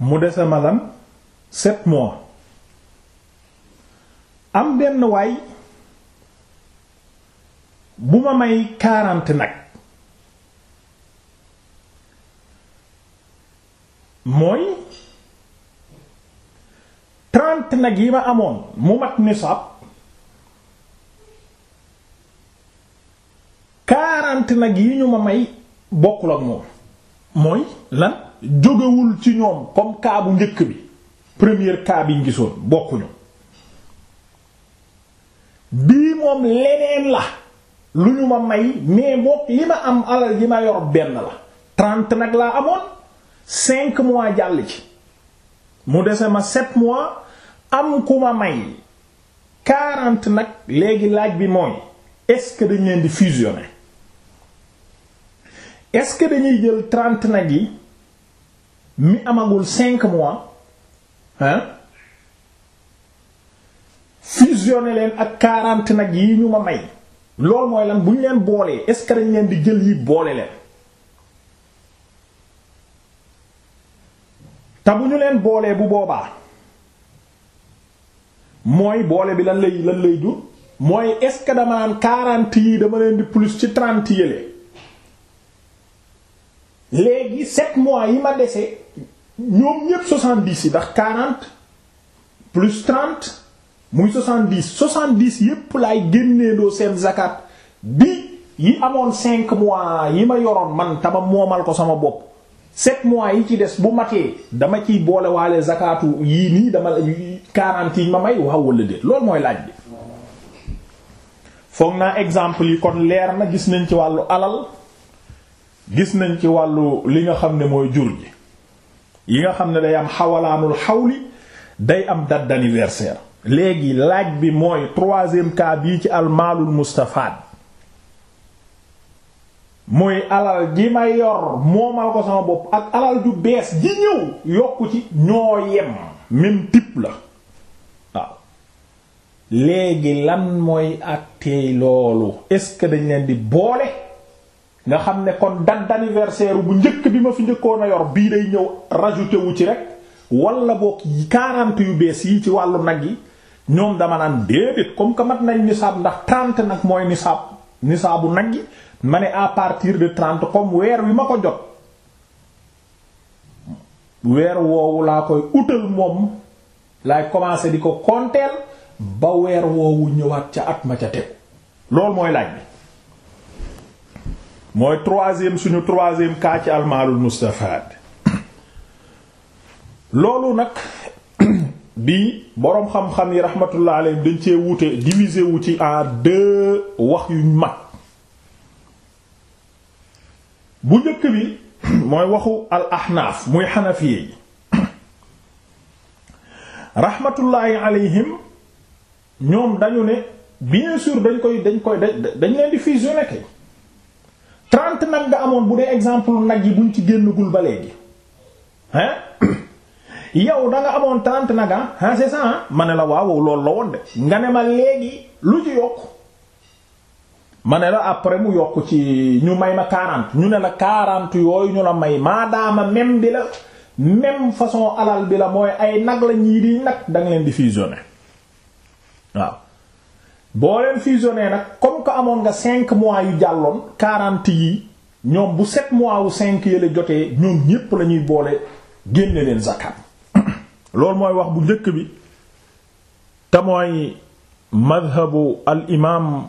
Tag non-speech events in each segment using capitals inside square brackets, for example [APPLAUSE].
mu dese ma lan sept mois am benn waay bu ma may quarante nag mooy trente nag yi ma amoon mu mat nisaab quarante nag yi ñu ma may bokkul ak moom mooy lan jógewul ci ñoom comme cas njëkk bi premier cas bi ñu gisoon bokkuñu bii moom leneen la lu ñu ma may mais bokk li ma am alal ji ma yor benn la trente nag laa amoon cinq mois jàll ci mu dese ma sept mois am ku ma may nag léegi laaj bi mooy est-ce que dañ ce que dañuy jël trente nag yi mi amagul cinq mois hein fusionné leen ak quarante nag yi ñu ma may loolu mooy lan bu ñu leen boolee est-ce que dañ leen di jël yi boole leen leen boolee bu boobaa mooy boole bi lan lay lan est-ce que dama naan quarante dama leen di plus ci trente yële léegi sept mois yi ma dese ñoom ñépp soixante-dix yi ndax quarante plus trente muy soixante-dix soixante-dix yépp laay génnee doo seen zakat bi yi amoon cinq mois yi ma yoroon man tama moomal ko sama bopp sept mois yi ci des bu matee dama ciy boole waale zakatu yii nii dama la quarante yi ma may waaw wala déet loolu mooy laaj bi foog naa exemple yi kon leer na gis nañ ci wàllu alal gis nañ ci wàllu li nga xam ne mooy jur gi yi nga xam ne day am xawalaanul xawli day am date léegi laaj bi mooy troisième cas bii ci almaalul mustafaad mooy alal ji may yor moomal ko sama bopp ak alal ju bees ji ñëw yokku ci ñoo yem même type la waaw léegi lan mooy àttee loolu est-ce que dañ leen di boole nga xam ne kon date d'anniversaire bu njëkk bi ma fi njëkkoon a yor bii day ñëw rajouté wu ci rek wala boog 40 yu bees yi ci wàllu nag yi ñoom dama naan déedéet comme que mat nañ nisaab ndax 30 nag mooy nisaab nisaabu nag yi ma ne à partir de 30 comme weer wi ma ko jot weer woowu laa koy utal moom laay commencer di ko konteel ba weer woowu ñëwaat ca at ma ca tegu loolu mooy laaj bi. mooy troisième suñu troisième kaa ci almaalul mustafaad loolu nag [CLEARS THROAT] bi boroom xam-xam yi rahmatullah alayhi dañ cee wuute divisé wu ci en deux wax yu mag bu njëkk bi [CLEARS THROAT] mooy waxu al ahnaaf muy xanafi yi [CLEARS THROAT] rahmatullahi alayhim ñoom dañu ne bien sûr dañ koy dañ koy dañ leen di fusionner kay trente nag nga amoon bu dee exemple nag yi buñ ci génnagul ba léegi hein [COUGHS] yow danga nga amoon trente nag ah ma ne la waaw loolu la woon de nga ne ma léegi lu ci yokk ma ne la après mu yokk ci ñu may ma quarante ñu ne la quarante yooyu ñu la may maadaama même bi la même façon alal bi la mooy ay nag la ñii di nag da nga leen di fusionner waaw boo leen fusionner nag comme amoon nga cinq mois yu jàlloon quarante yi ñoom bu sept mois wu cinq yële jotee ñoom ñépp la boole génne leen zakat [COUGHS] loolu mooy wax bu njëkk bi te mooy madhabu al imaam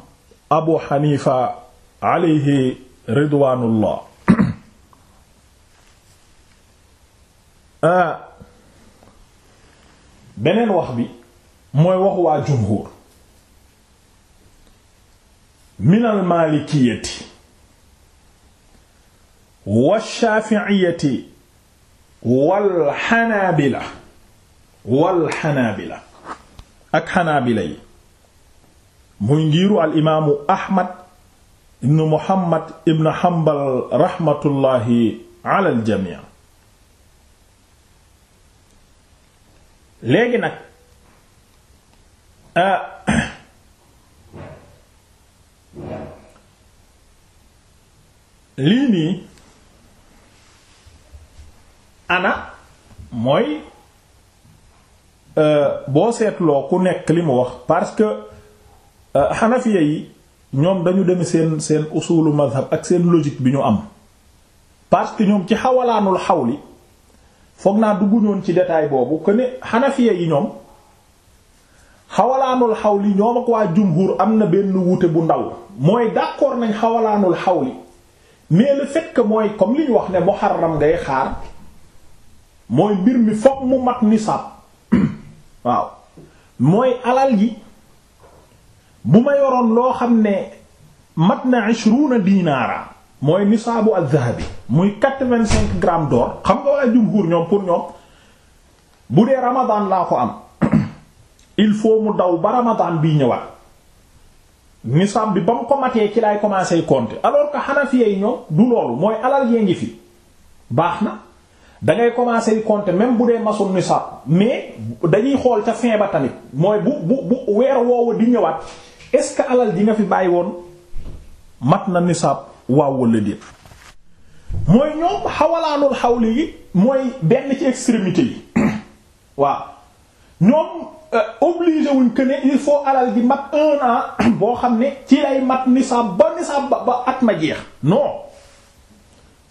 abu xanifa alayhi ridwaanullah [COUGHS] ah. beneen wax bi mooy wax waa jumhur minal maalikiyati wa shaafi'iyati wal xanaabila wal xanaabila ak xanaabila yi muy ngiiru al imaamu Ahmad ibn Muhammad ibn Hanbal raxmatullaahi alal jamii léegi nag. Ah, lii nii ana mooy euh, boo seetloo ku nekk li mu wax parce que xanafiya euh, yi ñoom dañu dem seen seen usulu madhab ak seen logique bi ñu am parce que ñoom ci xawalaanul xawli foog naa dugg ñoon ci détail boobu que ne xanafiya yi ñoom xawalaanul xawli ñoom ak waa jumhur am na benn wuute bu ndaw mooy d'accord nañ xawalaanul xawli mais le fait mooy comme li ñu wax ne muharram ngay xaar mooy mbir mi fokk mu mat nisaab [COUGHS] waaw mooy alal yi bu ma yoroon loo xam ne mat na ishruna dinaara mooy nisaabu al bi muy quatre vingt xam nga waa jumhur ñoom pour ñoom bu dee ramadan laa ko am [COUGHS] il faut mu daw ba ramadan bii ñëwaat nisab bi ba mu ko matee ci laay commencé compter alors que Hanafiya yi ñoom du loolu mooy alal yee ngi fi baax na da ngay commencé compter même bu dee masul nisab mais dañuy xool ca fin ba tamit mooy bu bu bu weer woowu di ñëwaat est-ce que alal ji nga fi bàyyi woon mat na nisab waaw wala déet mooy ñoom xawalaanul xawli yi mooy benn ci extrémité yi [COUGHS] waaw ñoom Euh, obligé wuñ que ne il faut alal bi mat un an [CLEARS THROAT] boo xam ne ci lay mat nisaab ba nisaab ba ba at ma jeex no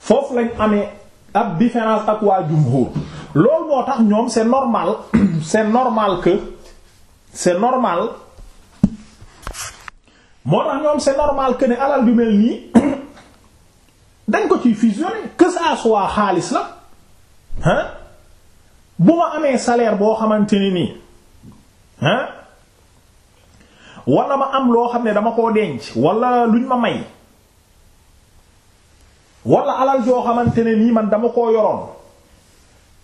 foofu lañ amee ab différence ak waa jumhur loolu moo tax ñoom c'est normal [CLEARS THROAT] c'est normal que c'est normal moo tax ñoom c'est normal que ne alal ju mel nii [CLEARS THROAT] dañ ko ci fusionner que ça soit xaalis la hein bu ma amee salaire boo xamante ni nii hein wala ma am loo xam ne dama koo denc lu luñ ma may wala alal joo xamante ne nii man dama koo yoroon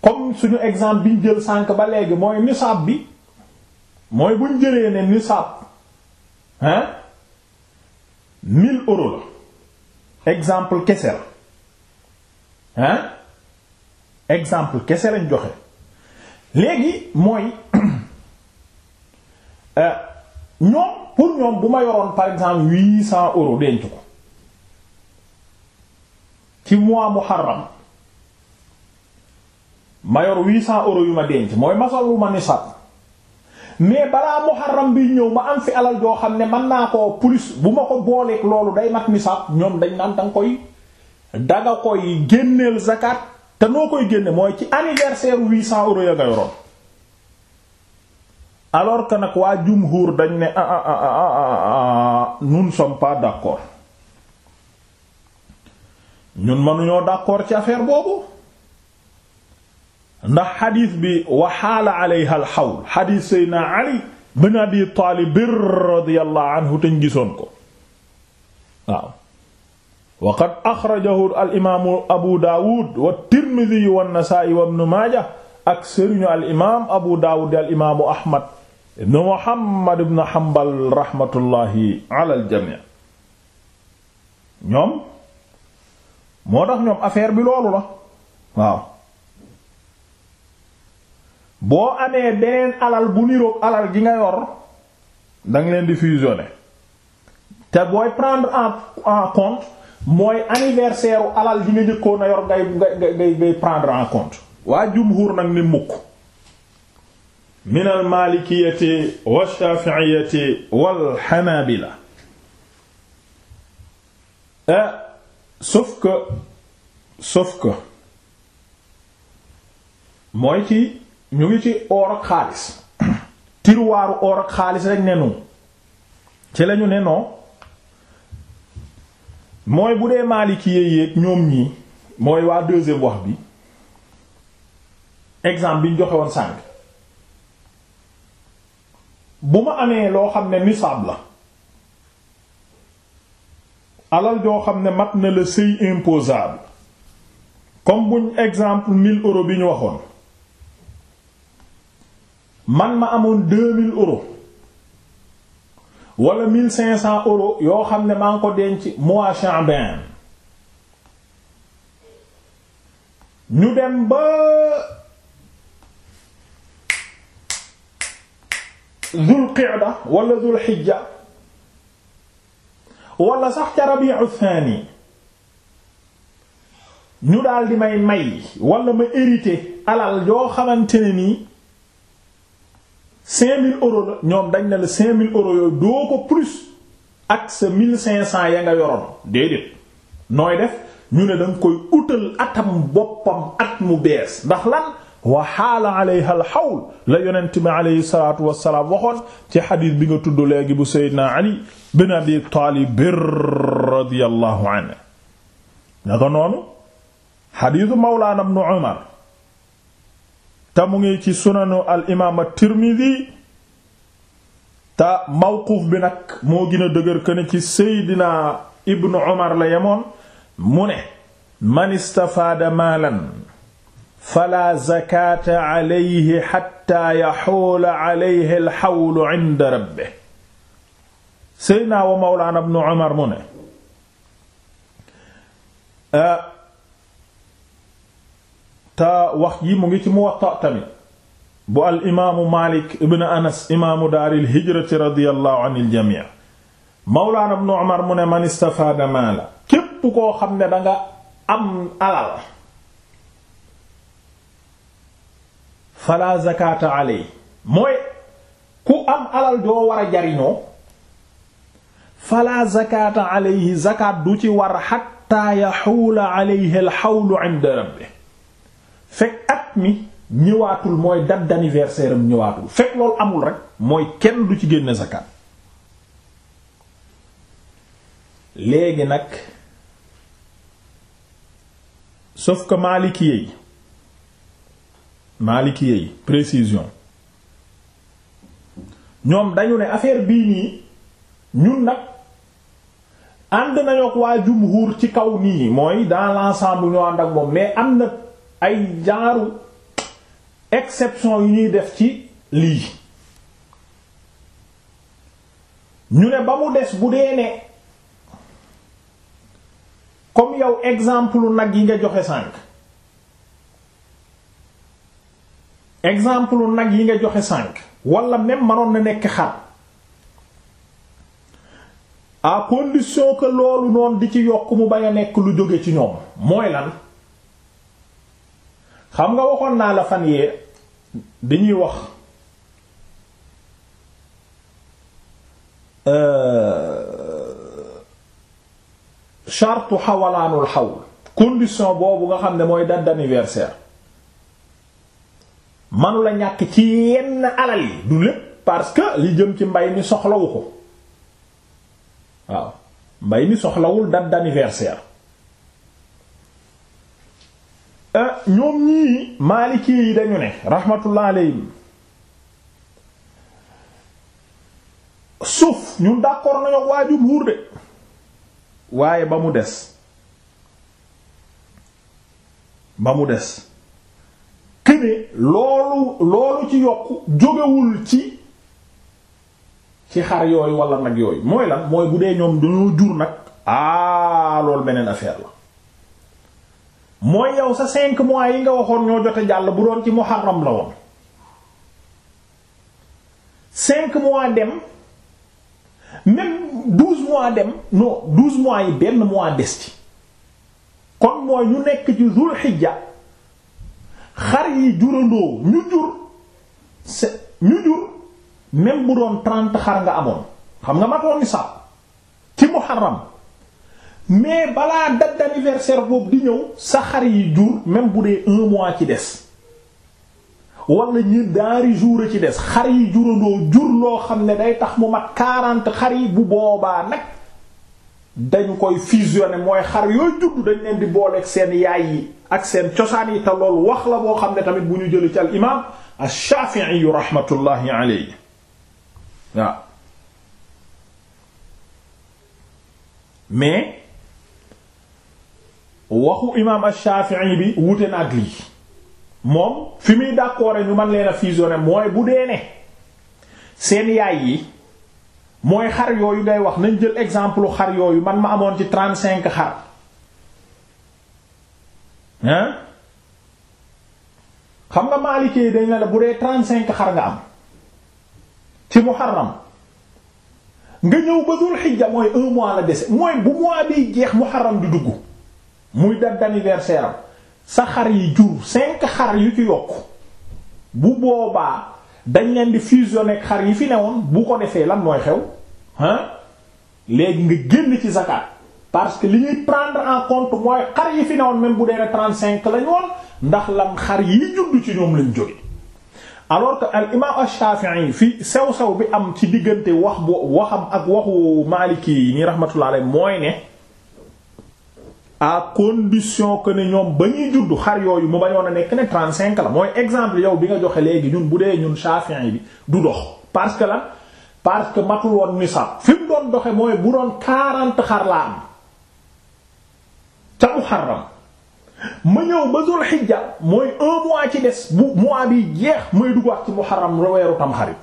comme suñu exemple biñ jël sànq ba léegi mooy nisaab bi mooy bu ñu jëlee ne nisaab hein 1000 euros la exemple kese la hein exemple kese lañ joxe léegi mooy [CLEARS THROAT] Euh, ñoom pour ñoom bu ma yoroon par exemple huit cent euros denc ko ci mois muharram ma yor huit cent euro yu ma denc mooy masal wu ma nisab mais balaa muharram bi ñëw ma am fi alal yoo xam ne mën naa koo plus bu ma ko booleeg loolu day mat nisab ñoom dañ naan danga koy danga koy génneel zakat te noo koy génne mooy ci anniversaire huit cent euros ya nga yoroon alors que nag waa jumhur dañ ne ah, ah, ah, ah nous ne sommes pas ñun mënuñoo d'accord ci affaire boobu ndax xadiis bi waxaala alayha al xawl xadiis ali bin abi taalib radiyallahu anhu teñ gisoon ko waaw wa qad abu daawud wa tirmidi wa maaja ak sëriñu al abu daawud al imaamu ahmad ibn Muhammad ibn Hanbal rahmatullahi ala al jami ñoom moo tax ñoom affaire bi loolu la waaw boo amee beneen alal bu niroog alal gi nga yor danga leen di fusionner te booy prendre en compte mooy anniversaire alal gi nga njëkkoon a yor ngay ngay ngay prendre en compte waa jumhur nag ni mukk min almalikiyati walshaafiiyati walxanabila eh, sauf que sauf que mooy ci ñu ngi ci or ak xaalis [COUGHS] tiruwaaru or ak xaalis rek ne ci lañu ne non mooy bu dee maalikiyee yéeg ñoom ñi mooy waa deuxième wax bi exemple bi ñu joxe bu ma amee loo xam ne nisaab la alal joo xam ne mat na la seuil imposable comme buñ exemple 1000 euros bi ñu waxoon man ma amoon 2000 euros wala 1500 euros yoo xam ne maa ngi ko denc mois Chaabane ñu dem ba. zul qida wala zul xijja wala sax ca rabiu thani ñu daal di may may walla ma hérité alal yoo xamante ne nii cinq mille euros ñoom dañ na la cinq mille euros yooyu doo ko plus ak sa mille cinq cent ya nga yoroon déedéet nooy def ñu ne danga koy utal atam boppam at mu bees ndax lan wa xaala alayha alxawl la yonent bi alayhi salaatu wasalaam waxoon ci xadiis bi nga tudd léegi bu seydina ali bin abi taalib radiyallahu noonu xadiisu mawlaana ibnu umar te mu ngi ci sunanu al imaam at-tirmidi bi nag moo gën a dëgër que ne ci seydina ibnu umar la yemoon mu ne man istafaada maalan fala zakata alayhi xatta yaxuula alayhi alxawlu inda rabbe seydna wa mawlaana bnu umar mu ne te wax ji mu ngi ci muwatta tamit bu al imaamu maalik ibn anas imaamu daaril hijrati radiyallahu an iljamii mawlaana bnu umar mu ne man istafaada maala képp koo xam ne danga am alal fala zakata mooy ku am alal joo war jariñoo fala zakata alayhi zakat du ci war xatta yaxuula alayhi alxawlu inda rabbi fekk at mi ñëwaatul mooy date ñëwaatul fekk loolu amul rek mooy kenn du ci génne zakat léegi nag sauf que maliki yi maaliki précision ñoom dañu ne affaire bii nii ñun nag ànd nañu ak waa jumhur ci kaw nii mooy dans l'ensemble ñoo ànd ak moom mais am na ay jaaru exception yu ñuy def ci lii ñu ne ba mu des bu dee ne comme yow exemple nag yi nga joxe sànq exemple nag yi nga joxe sànq wala même manoon na nekk xar à condition que loolu noonu di ci yokk mu bañ a nekk lu jóge ci ñoom mooy lan xam nga waxoon naa la fan yee bi ñuy wax euh, chartu xawalaanul xawl condition boobu nga xam ne mooy date d'anniversaire manu la ñàkk ci yenn alal yi du lépp parce que li jëm ci mbay mi soxlawu ko waaw mbay mi soxlawul date d'anniversaire euh, ñoom ñii maaliki yi dañu ne rahmatullah alayhim suuf ñun d'accord nañu waa jumhuur de waaye ba mu des ba mu des këne loolu loolu ci yokk jógewul ci ci xar yooyu wala nag yooyu mooy lan mooy bu dee ñoom dañoo jur nag ah loolu beneen affaire la mooy yow sa cinq mois yi nga waxoon ñoo jote jàll bu doon ci muharram la woon cinq mois dem même douze mois dem non douze mois yi benn mois des ci kon mooy ñu nekk ci zul xijja xar yi jurandoo ñu jur ñu jur même bu doon trente xar nga amoon xam nga matoon ni sax ci muharram mais balaa date d'anniversaire boobu di ñëw sa xar yi jur même bu dee un mois ci des wala ñi daari jour a ci des xar yi jurandoo jur loo xam ne day tax mu mat quarante xar yi bu boobaa nag dañ koy fusionné mooy xar yooy juddu dañ leen di booleek seen yaay yi ak seen cosaan yi te loolu wax la boo xam ne tamit bu ñu jëlee ci al imaam ash-Shafi'i rahmatullahi alayhi mais waxu bi wute na ak lii moom fi muy d'accord ñu mën leen a mooy bu dee ne seen yaay yi. mooy xar yooyu ngay wax nañ jël exemple xar yooyu man ma amoon ci trente-cinq xar hein xam nga maalikee yi dañ ne la bu dee trente-cinq xar nga am ci muharram nga ñëw ba dul xijja mooy un mois la dese mooy bu mois bi jeex muharram di dugg muy date d'anniversaire am sa xar yi jur cinq xar yu ci yokk bu boobaa dañ leen di fusionner ak xar yi fi newoon bu ko defee lan mooy xew ah léegi nga génn ci zakat parce que li ñuy prendre en compte mooy xar yi fi newoon même bu dee ne trente cinq lañ woon ndax lan xar yi judd ci ñoom lañ jot alors que al imam ash-Shafi'i fi sew sew bi am ci diggante wax bu waxam ak waxu Maliki yi nii rahmatullah alayhi mooy ne. à condition que ne ñoom ba ñuy juddu xar yooyu mu bañoon a nekk ne 35 la mooy exemple yow bi nga joxe léegi ñun bu dee ñun Shafi'i yi bi du dox parce que la parce que matul woon nisaab fi mu doon doxe mooy bu doon 40 xar laa am ca Muharram ma ñëw ba Dul Hijja mooy un mois ci des bu mois bi jeex may dugg ci Muharram weeru Tamxarit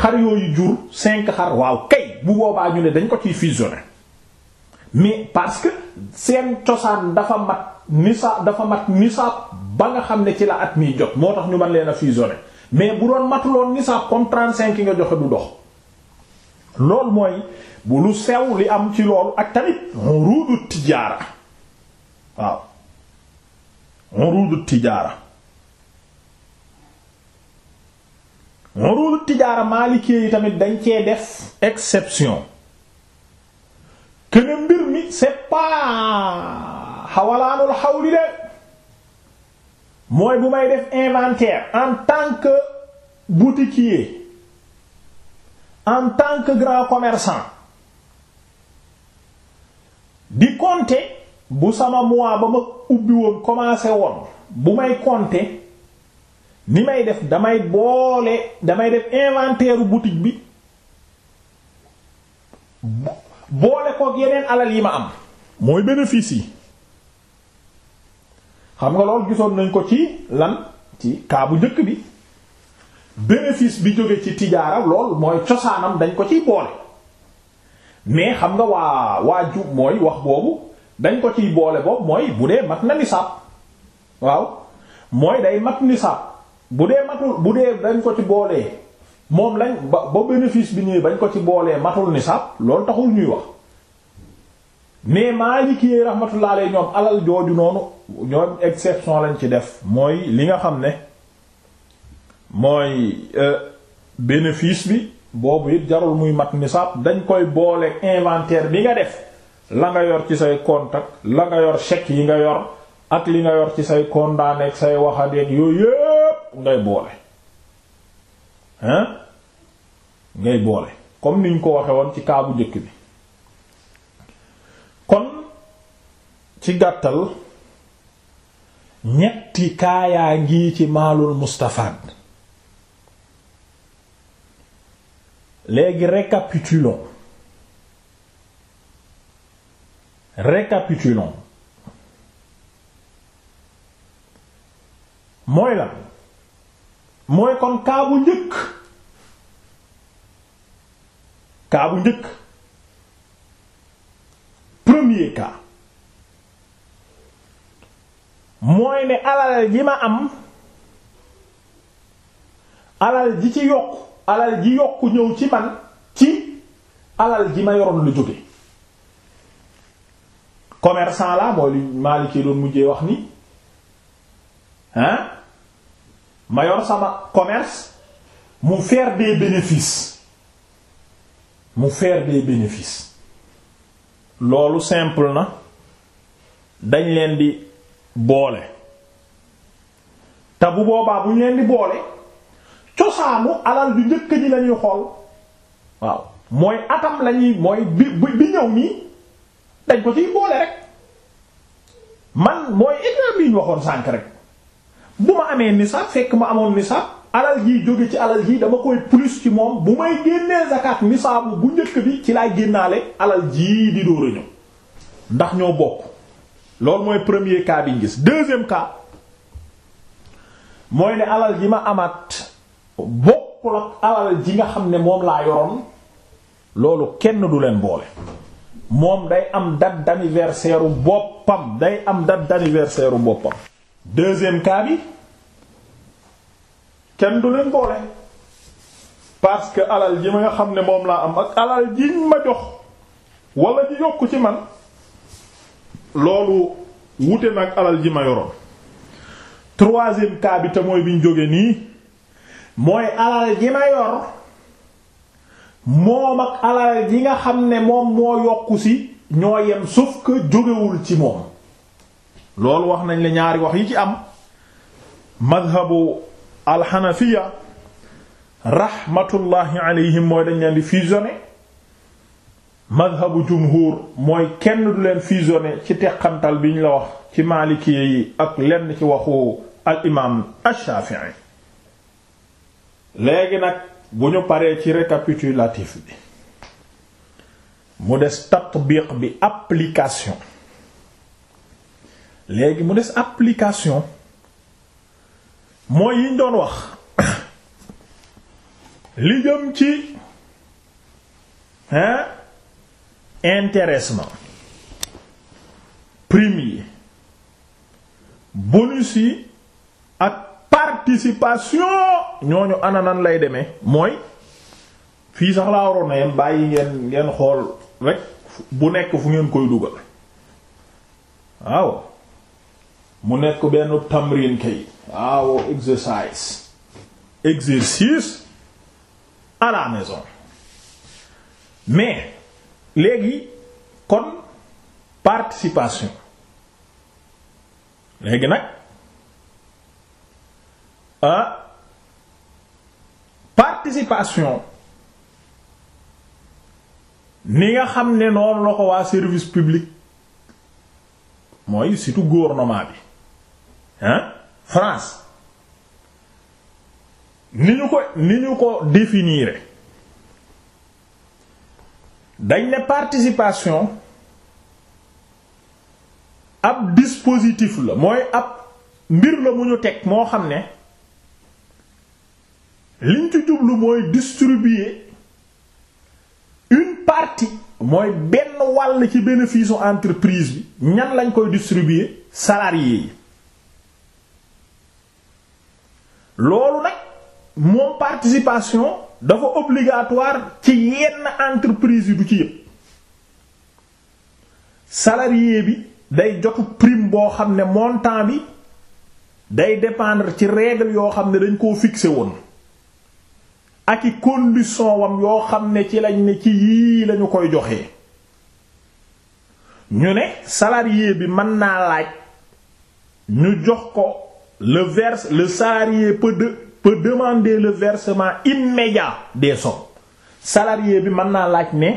xar yooyu jur 5 xar waaw kay bu boobaa ñu ne dañ ko ciy fusionner mais parce que. seen cosaan dafa mat nisaab dafa mat nisaab ba nga xam ne ci la at miy jot moo tax ñu man leen a fusionner mais bu doon matuloon nisaab comme 35 nga joxe du dox loolu mooy bu lu sew li am ci loolu ak tamit urudu tijaara waaw urudu tijaara urudu tijaara maalikee yi tamit dañ cee def exception kene mbir mi c'est pas xawalaanul xawli de mooy bu may def inventaire en tant que boutiquier en tant que grand commerçant di compter bu sama mois ba ma ubbi woon commencé woon bu may compter ni may def damay boole damay def inventaire boutique bi boole koog yeneen alal yi ma am mooy bénéfice yi xam nga loolu gisoon nañ ko ci lan ci kaa njëkk bi bénéfice bi jóge ci tijaara lool mooy cosaanam dañ ko ciy boole mais xam nga waa waa ju mooy wax boobu dañ ko ciy boole boobu mooy bu dee mat na nisaab waaw mooy day mat nisaab bu dee matul bu dee dañ ko ci boolee moom lañ ba ba bénéfice bi ñëwee bañ ko ci boolee matul nisaab loolu taxul ñuy wax mais Maliki yi rahmatullah alayhi ñoom alal jooju noonu ñoom exception lañ ci def mooy li nga xam ne mooy euh, bénéfice bi boobu it jarul muy mat nisaab dañ koy boole inventaire bi nga def la nga yor ci say compte la nga yor chèque yi nga yor at li nga yor ci say condamné say waxadeeg yooyu yépp ngay boole hein ngay boole comme niñ ko waxe woon ci kaabu njëkk bi kon ci gàttal ñetti kaayaa ngi ci maalul mustafaad léegi récapitulons récapitulons mooy la mooy kon kaabu njëkk cas bu njëkk premier cas mooy ne alal ji ma am alal ji ci yokk alal ji yokk ñëw ci man ci alal ji ma yoroon lu jóge commerçant la mooy lu maalikee doon mujjee wax ni hein ma yor sama commerce mu faire des bénéfices mu faire des bénéfices loolu simple na dañ leen di boole te bu boobaa bu ñu leen di boole cosaanu alal du njëkk ji lañuy xool waaw mooy atam lañuy mooy bi bi ñëw nii dañ ko ciy boole rek man mooy exemple yi waxoon sànk rek bu ma amee nisaab fekk ma amoon nisaab alal jii jóge ci alal jii dama koy plus ci moom bu may génnee zakat nisaabu bu njëkk bi ci laay génnaale alal jii di dóor ndax ñoo bokk loolu mooy premier cas bi ñu gis deuxième cas mooy ne alal ji ma amaat bokkul ak alal ji nga xam ne moom laa yoroon loolu kenn du leen boole moom day am date d'anniversaire boppam day am date d'anniversaire boppam deuxième cas kenn du leen boole parce que alal ji ma nga xam ne moom laa am ak alal jiñ ma jox wala ji yokk ci man loolu wute nag alal ji ma yoroon troisième cas bi te mooy biñ jóge nii mooy alal ji ma yor moom ak alal ji nga xam ne moom moo yokku si ñoo yem sauf que jógewul ci moom loolu wax nañ la ñaari wax yi ci am mazhabu alxanafiya rahmatullahi alayhim mooy dañ leen di fusionné madhabu jumhur mooy kenn du leen fusionné ci teqantal bi ñu la wax ci maaliki yi ak lenn ci waxu al imaam ash léegi nag bu ñu paree ci récapitulatif bi mu des tatbiq bi application léegi mu des application mooy yiñ doon wax [COUGHS] li jëm ci hein intéressement prime yi bonus yi ak participation ñooñu ananan lay demee mooy fii sax laa waroon na yeen bàyyi ngeen ngeen xool rek bu nekk fu ngeen koy dugal waaw mu nekk benn tamrin kay waaw exercice exercice à la maison mais léegi kon participation léegi nag ah, participation ni nga xam ne noonu la ko waa service public mooy surtout gouvernement bi hein France ni ñu ko ni ñu ko définir dañ ne participation ab dispositif la mooy ab mbir la mu ñu teg moo xam ne liñ ci jublu mooy distribuer une partie mooy benn wàll ci bénéfice entreprise yi ñan lañ koy distribuer salariés yi loolu nag moo participation dafa obligatoire ci yenn entreprise yi du ci yëpp salarié bi day jotu prime boo xam ne montant bi day dépendre ci règle yoo xam ne dañ koo fixé woon ak i condition wam yoo xam ne ci lañ ne ci yii lañu koy joxee ñu ne salarié bi mën naa laaj ñu jox ko le verse le salarié peut de, peut demander versement immédiat des sommes salarié bi mën naa laaj ne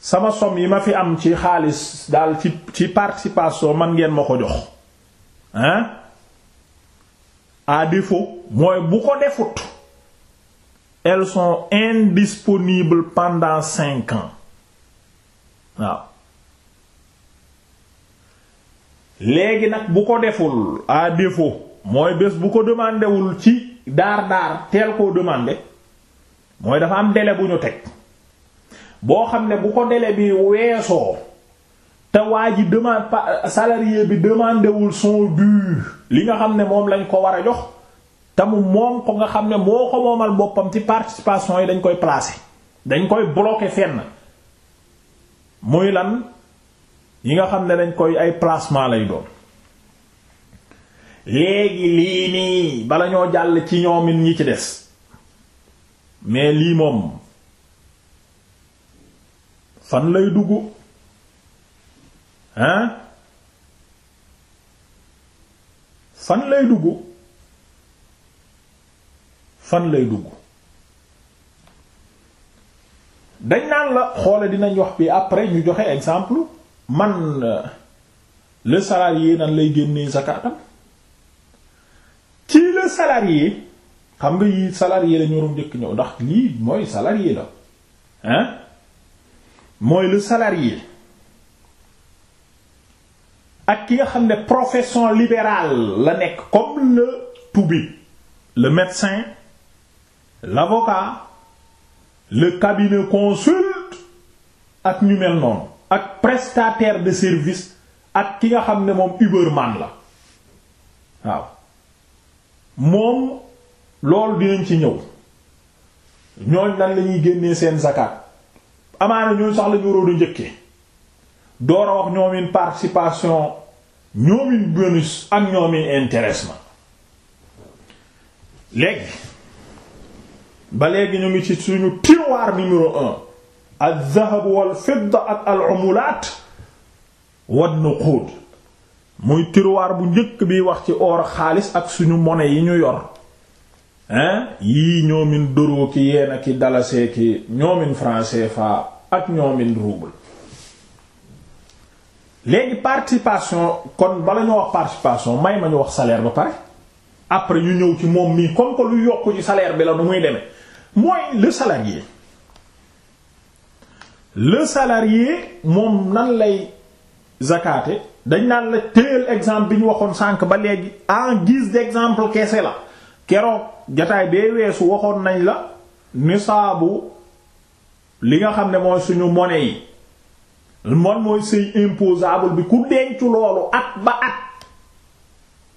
sama somme yi ma fi am ci xaalis daal ci ci participation man ngeen ma ko jox hein à défaut mooy bu ko defut elles sont indisponibles pendant cinq ans waaw léegi nag bu ko deful à défaut mooy bés bu ko demandé wul ci daar daar teel koo demandé mooy dafa am dele bu ñu teg boo xam ne bu ko délai bi weesoo te waa ji demande pa bi demandé wul son bu li nga xam ne moom lañ ko war a jox te mu moom ko nga xam ne moo ko moomal boppam ci participation yi dañ koy placer dañ koy bloquer fenn muy lan. yi nga xam ne dañ koy ay placement lay doon léegi lii nii bala ñoo jàll ci ñoomin ñi ci des mais lii moom fan lay dugg hein fan lay dugg fan lay dugg dañ naan la xoole dinañ wax bi après ñu joxe exemple man euh, le salarié nan lay génnee zakaatam ci le salarié xam nga yi salarié lañu waroon njëkk ñëw ndax lii mooy salarié la hein mooy le salarié ak ki nga xam ne profession libérale la nekk comme le toubib le médecin l'avocat le cabinet consulte ak ñu mel noonu ak prestataire de service ak ki nga xam ne moom uberman la waaw moom loolu dinañ ci ñëw ñooñ lan la génnee seen zakat amaana ñooñ sax la ñu a njëkkee door a wax ñoomin participation ñoomin bonus ak ñoomin intéressement léegi ba léegi ñu ngi ci suñu tiroir numéro al-dhahab wal ak al-umulaat wan-nuqud muy tiroir bu njëkk bi wax ci or xaalis ak suñu monnaie yi ñu yor hein yii ñoomin doroo ki yeena ki dalasee ki ñoomin franc CFA ak ñoomin rouble léegi participation kon bala ñoo wax participation may ma ñu wax salaire ba pare après ñu ñëw ci moom mii comme que lu yokk ci salaire bi la nu muy demee mooy le salarié le salarié moom nan lay zakaate dañ naan la téyel exemple bi ñu waxoon sànq ba léegi en guise d'exemple keese la keroog jataay bee weesu waxoon nañ la nisaabu li nga xam ne mooy suñu monnaie yi mon mooy seuil imposable bi ku denc loolu at ba at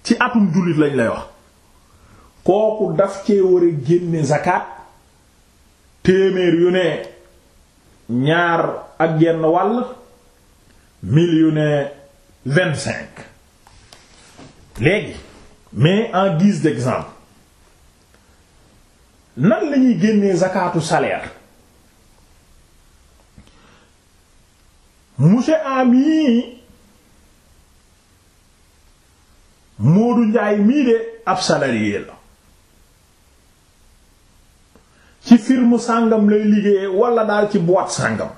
ci atum jullit lañ lay wax kooku daf cee war a génne zakat téeméer yu ne ñaar ak genn wàll millionnaire vingt-cinq léegi mais en guise d'exemple nan la ñuy génnee zakaatu salaire monsieur ami Moodu Njaay mii de ab salarié la ci firmu sàngam lay liggéeyee walla daal ci boîte sàngam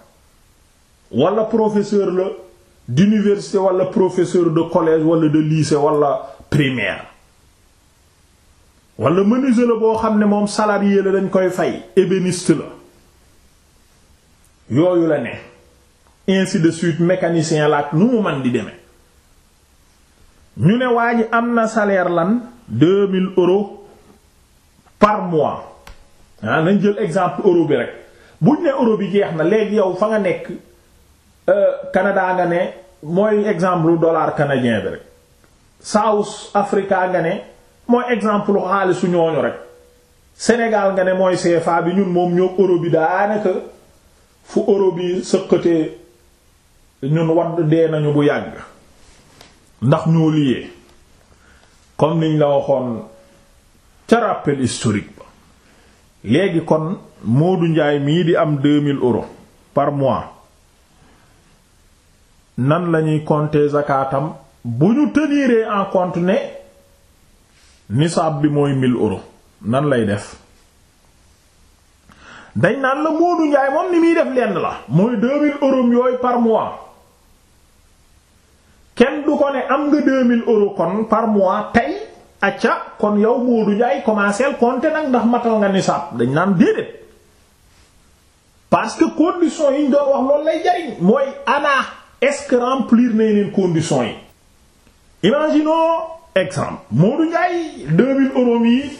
wala professeur la d'université wala professeur de collège wala de lycée wala primaire wala menuisier la boo xam ne moom salarié la dañ koy fay ébéniste la yooyu la ne ainsi de suite mécanicien la ak nu mu man di demee ñu ne waa ji am na salaire lan 2000 euros par mois ah nañ jël exemple euro bi rek buñ ne euro bi jeex na léegi yow fa nga nekk euh, Canada nga ne mooy exemple dollar canadien bi rek South Africa nga ne mooy exemple xaalis su ñooñu rek Sénégal nga ne mooy CFA bi ñun moom ñoo euro bi daanaka fu euro bi sëqatee ñun wadd dee nañu bu yàgg ndax ñoo liyee comme niñ la waxoon ca rappel historique léegi kon Moodu Njaay mii di am 2000 euros par mois nan lañuy compter zakaatam bu ñu teniree en compte ne nisaab bi mooy 1000 euros nan lay def dañ naan la Moodu Njaay moom ni muy def lenn la mooy 2000 euros yooyu par mois kenn du ko ne am nga 2000 euros kon par mois tey acca kon yow Moodu Njaay commencer compter nag ndax matal nga nisaab dañ naan déedéet parce que conditions yi ñu doon wax loolu lay jariñ mooy ana est-ce que remplir nañ conditions yi imaginons exemple Moodu Njaay 2000 euros yi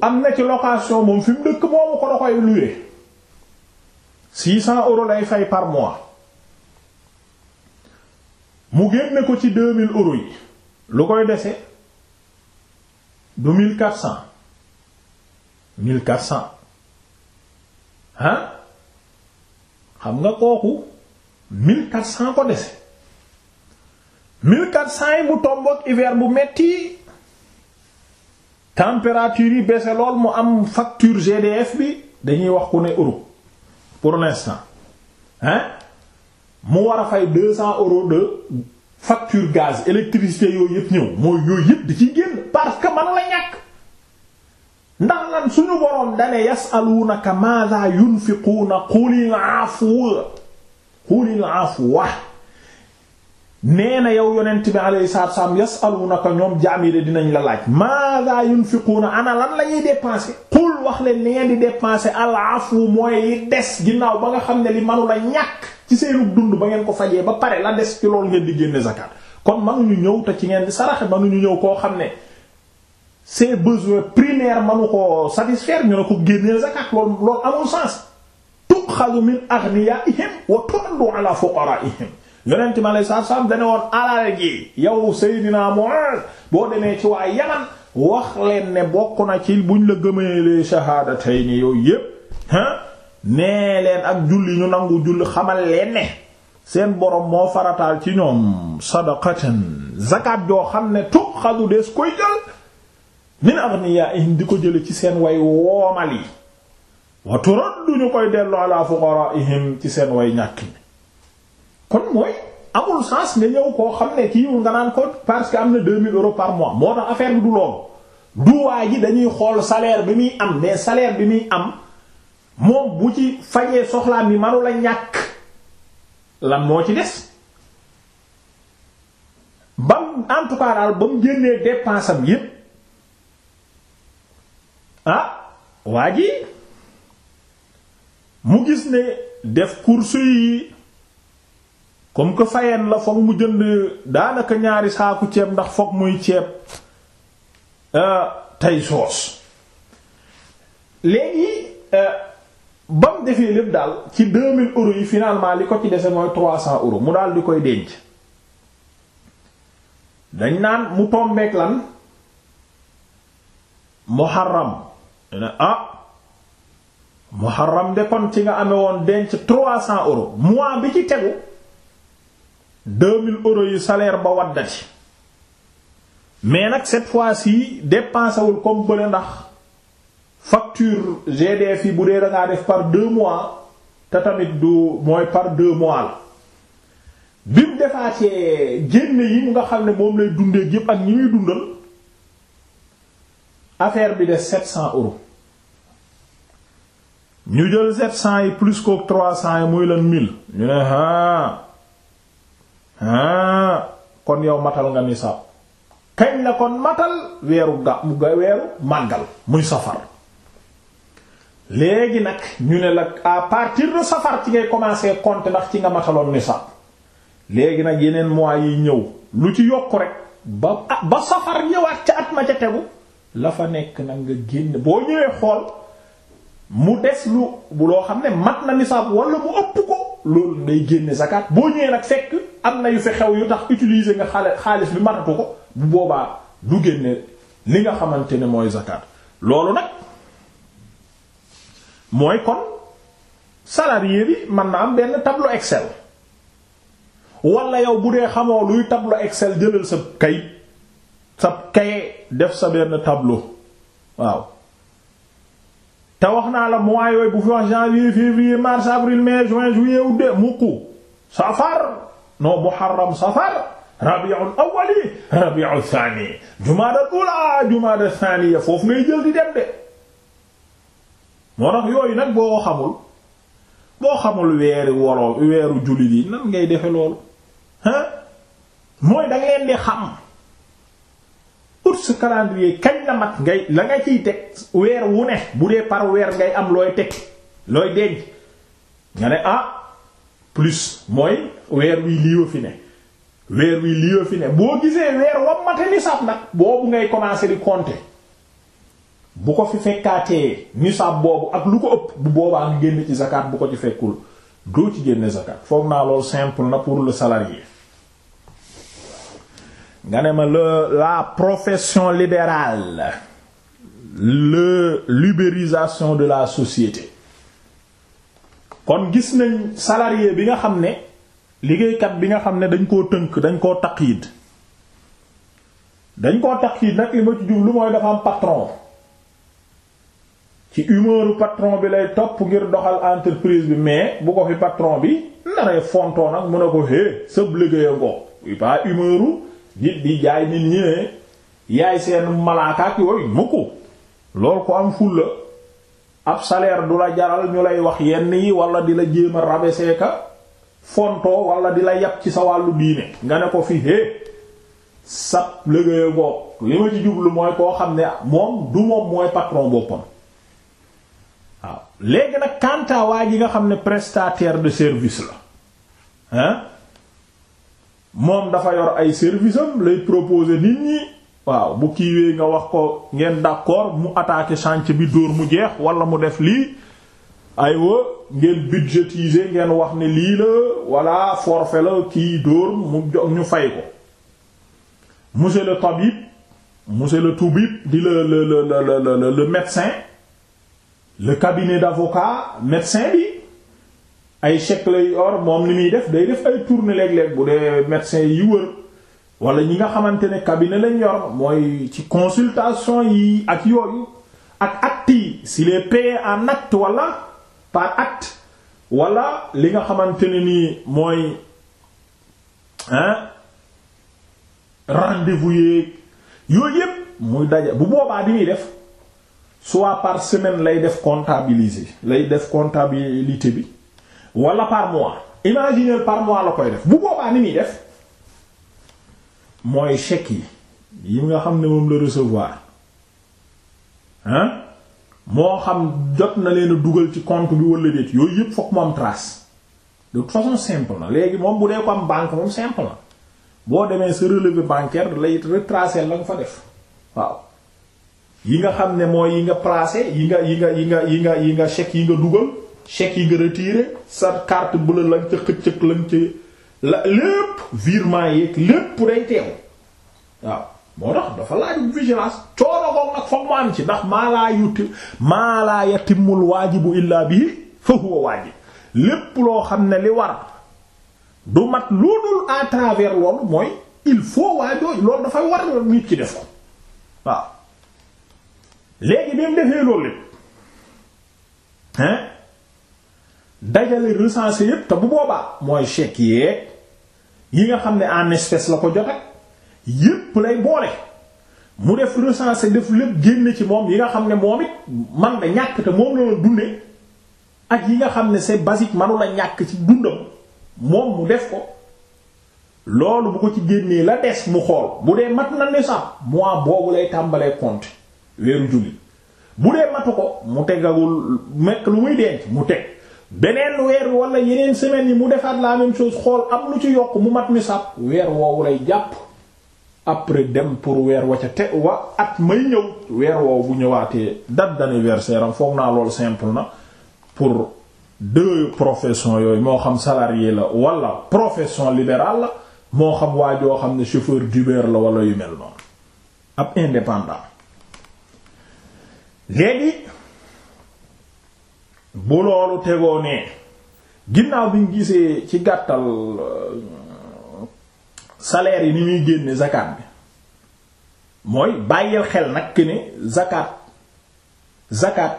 am na ci location moom fi mu dëkk moomu ko da koy louer 600 lay fay par mois mu génne ko ci deux mille euros yi lu koy dese du mille quatre cents mille quatre cents ah xam nga kooku mil quatre cents ko dese mille quatre cents yi mu tombook hiver bu metti température yi bese lool mu am facture GDF bi dañuy wax ku ne Europe pour l'instant hein mu war a fay deux cents euros de facture gaz électricité yooyu yëpp ñëw mooy yooyu yëpp di ci génn parce que man la ñàkk ndax lan suñu boroom dane yasaluunaka maza yunfiquuna qulil afwa qulil afwa nee na yow yonent bi alayhi salaatu wasallam yasalunaka ñoom jaam yi de dinañ la laaj maada yunfiquuna ana lan la ñuy dépenser qul wax leen ni ngeen di dépenser al afu mooy li des ginnaaw ba nga xam ne li manu la ñàkk ci seenu dund ba ngeen ko fajee ba pare la des ci loolu ngeen di génne zakat kon manuñu ñëw te ci ngeen di saraxe manuñu ñëw koo xam ne ses besoins primaires manu ko satisfaire ñu ne ko génneel zakat loolu loolu amul sens tuxadu min aghniyaihim wa turaddu yonent mi alayhi salaatu salaam dane woon alal ji yow Seydina Mu'aaz boo demee ci waa Yaman wax leen ne bokk na ci buñ la gëmeelee shahaadatayni yooyu yépp ah nee leen ak julli ñu nangu julli xamal leen ne seen borom moo farataal ci ñoom sadaqatan zakat joo xam ne tuxadu des koy jël min aghniyaihim di ko jële ci seen way woomal yi wa turaddu ñu koy delloo ala fuqaraihim ci seen way ñàkk kon mooy amul sens nga ñëw koo xam ne kii nga naan ko parce que am na 2000 euros par mois moo tax affaire bi du loolu duwaa ji dañuy xool salaire bi muy am mais salaire bi muy am moom bu ci fajee soxlaam bi manu la ñàkk lan moo ci des bam en tout cas génnee dépense am yépp ah waa ji mu gis ne def course yi comme que fayeen la foog mu jënd daanaka ñaari saaku ceeb ndax foog muy ceeb euh, tey soos léegi euh, ba mu defee lépp daal ci 2000 euros yi finalement li ko ci dese mooy 300 euros mu daal di koy denc dañ naan mu tombeek lan muharram ne ah muharram de kon ci nga amee woon denc 300 euros mois bi ci tegu. deux mille euros yi salaire ba waddati mais nag cette fois-ci dépensewul comme bële ndax facture GDF yi bu dee da def par deux mois te tamit du mooy par deux mois la bi mu defaatee génn yi mu nga xam ne moom lay dundee yépp ak ñi muy dundal affaire bi de sept cent euros ñu jël sept cent yi plus ko trois cent yi muy lan mille ñu ne ah. ah kon yow matal nga nisaab kañ na kon matal weeru ga mu ga weeru màggal muy safar léegi nag ñu ne la à partir de safar ci ngay commencer compter ndax ci nga mataloon nisaab léegi nag yeneen mois yi ñëw lu ci yokk rek ba ba safar ñëwaat ca at ma ca tegu la fa nekk nag nga génn boo ñëwee xool mu des lu bu loo xam ne mat na nisaab wala mu ëpp ko loolu day génne zakat boo ñëwee nag fekk am na yu fi xew yu tax utiliser nga xale xaalis bi matatu ko bu boobaa du génne li nga xamante ne mooy zakat loolu nag mooy kon salarié bi mën na am benn tableau Excel wala yow bu dee xamoo luy tableau Excel jëlal sa kay sa kaye def sa benn tableau waaw te wax naa la mois yooyu bu fi wax janvier février mars avril mai juin juillet août de mukku safar non muharram safar rabiul awwali rabiul thani jumaadal ula jumaadal thaniya foofu ngay jël di dem moo tax yooyu nag boo xamul boo xamul weeri woro weeru jullit yi nan ngay defe loolu ah mooy danga leen di xam ut sa calendrier kañ la mat ngay la nga ciy teg weer wu ne bu dee par weer ngay am looy teg looy denc nga ne ah plus mooy weer wi lii fi ne weer wi lii fi ne boo gisee weer wam mate nisaab nag boobu ngay commencer di compter bu ko fi fekkaatee nisaab boobu ak lu ko ëpp bu boobaa nga génn ci zakat bu ko ci fekkul doo ci génne zakat foog naa loolu simple na pour le salarié nga ne ma la profession libérale le libéralisation de la société kon gis nañ salarié bi nga xam ne liggéeykat bi nga xam ne dañ koo tënk dañ koo taqyid dañ koo taqyid nag li ma ci jublu mooy dafa patron ci humeur patron bi lay topp ngir doxal entreprise bi mais bu ko fi patron bi naree fontoon nag mën a ko hé sëb liggéeya ngoo pas humeur di di jaay nit ñi ne yaay seen malaakaak yooyu mukku lool ko am fulla ab salaire du la jaral ñu lay wax yenn yi walla di la jéem a ka fontoo wala di la yàpp ci sa wàllu diine nga ne ko fi hé sab liggéey boog li ma ci jublu mooy koo xam ne moom du moom mooy patron boppam waaw léegi nag quant à waa ji nga xam ne prestataire de service la hein moom dafa yor ay service am lay proposer nit ñi waaw bu kiiwee nga wax ko ngeen d'accord mu attaquer chantier bi dóor mu jeex wala mu def lii aywa ngeen budgétiser ngeen wax ni lii la wala forfait la kii dóor mu jox ñu fay ko monsieur le tabib monsieur le toubib di la le le le le médecin le cabinet d'avocat médecin bi ay chèque lay or moom li muy def day def ay tournée léeg-léeg bu dee médecin yi wër wala ñi nga xamante ne cabinet lañ yor mooy ci consultation yi ak yooyu ak acte yi s'il est payé en acte wala par acte wala li nga xamante ne nii mooy hein rendez-vous yeeg yooyu yépp muy daja bu boobaa di muy def soit par semaine lay def comptabiliser lay def comptabilité bi wala par mois imaginez par mois la koy def bu boobaa ni muy def mooy chèque yi yi nga xam ne moom la recevoir hein moo xam jot na leen dugal ci compte bi wala déet yooyu yëpp fokk mu am trace de toute simple na léegi moom bu dee ko am banque moom simple na boo demee sa relevé bancaire lay retracer la nga fa def waaw yi nga xam ne mooy yi nga placé yi nga yi nga yi nga yi nga yi nga chèque yi nga dugal chèque yi nga retiré sa carte bleue lañ ca xëccëg lañ ca la lépp virement yeeg lépp day teew waaw moo tax dafa laaj vigilance coono boog nag foog mu ci ndax maa laa yuti maa laa yatimmul waajibu illaa bihi fa huwa waajib lépp loo xam ne li war du mat loolul à travers loolu mooy il faut waajoo loolu dafay war nit ci def ko waaw léegi dañ defee loolu lépp hein dajale recensé yépp te bu boobaa mooy chèque yeeg yi nga xam ne en espèce la ko joxe yépp lay boole mu def recensé def lépp génn ci moom yi nga xam ne moom it man da ñàkk te moom la doon dunde ak yi nga xam ne c'est basique manu la ñàkk ci dundam moom mu def ko loolu bu ko ci génnee la des mu xool bu dee mat na ne sax mois boobu lay tàmbalee compte weeru julli bu dee matu ko mu tegagul mekk lu muy denc mu teg beneen weer wi wala yeneen semaines yi mu defaat la même chose xool am lu ci yokk mu mat mi nisaab weer woowu lay jàpp après dem pour weer wa ca te wa at may ñëw weer woowu bu ñëwaatee date d'anniversaire am foog naa lool simple na pour dë professions yooyu moo xam salarié la walla profession libérale la moo xam waa joo xam ne chauffeur d'Uber la wala yu mel noonu ab indépendant léegi bu loolu tegoo nee ginnaaw bi ñu gisee ci gàttal euh, salaire yi ni ñuy génne zakat bi mooy bàyyil xel nag que ne zakat zakat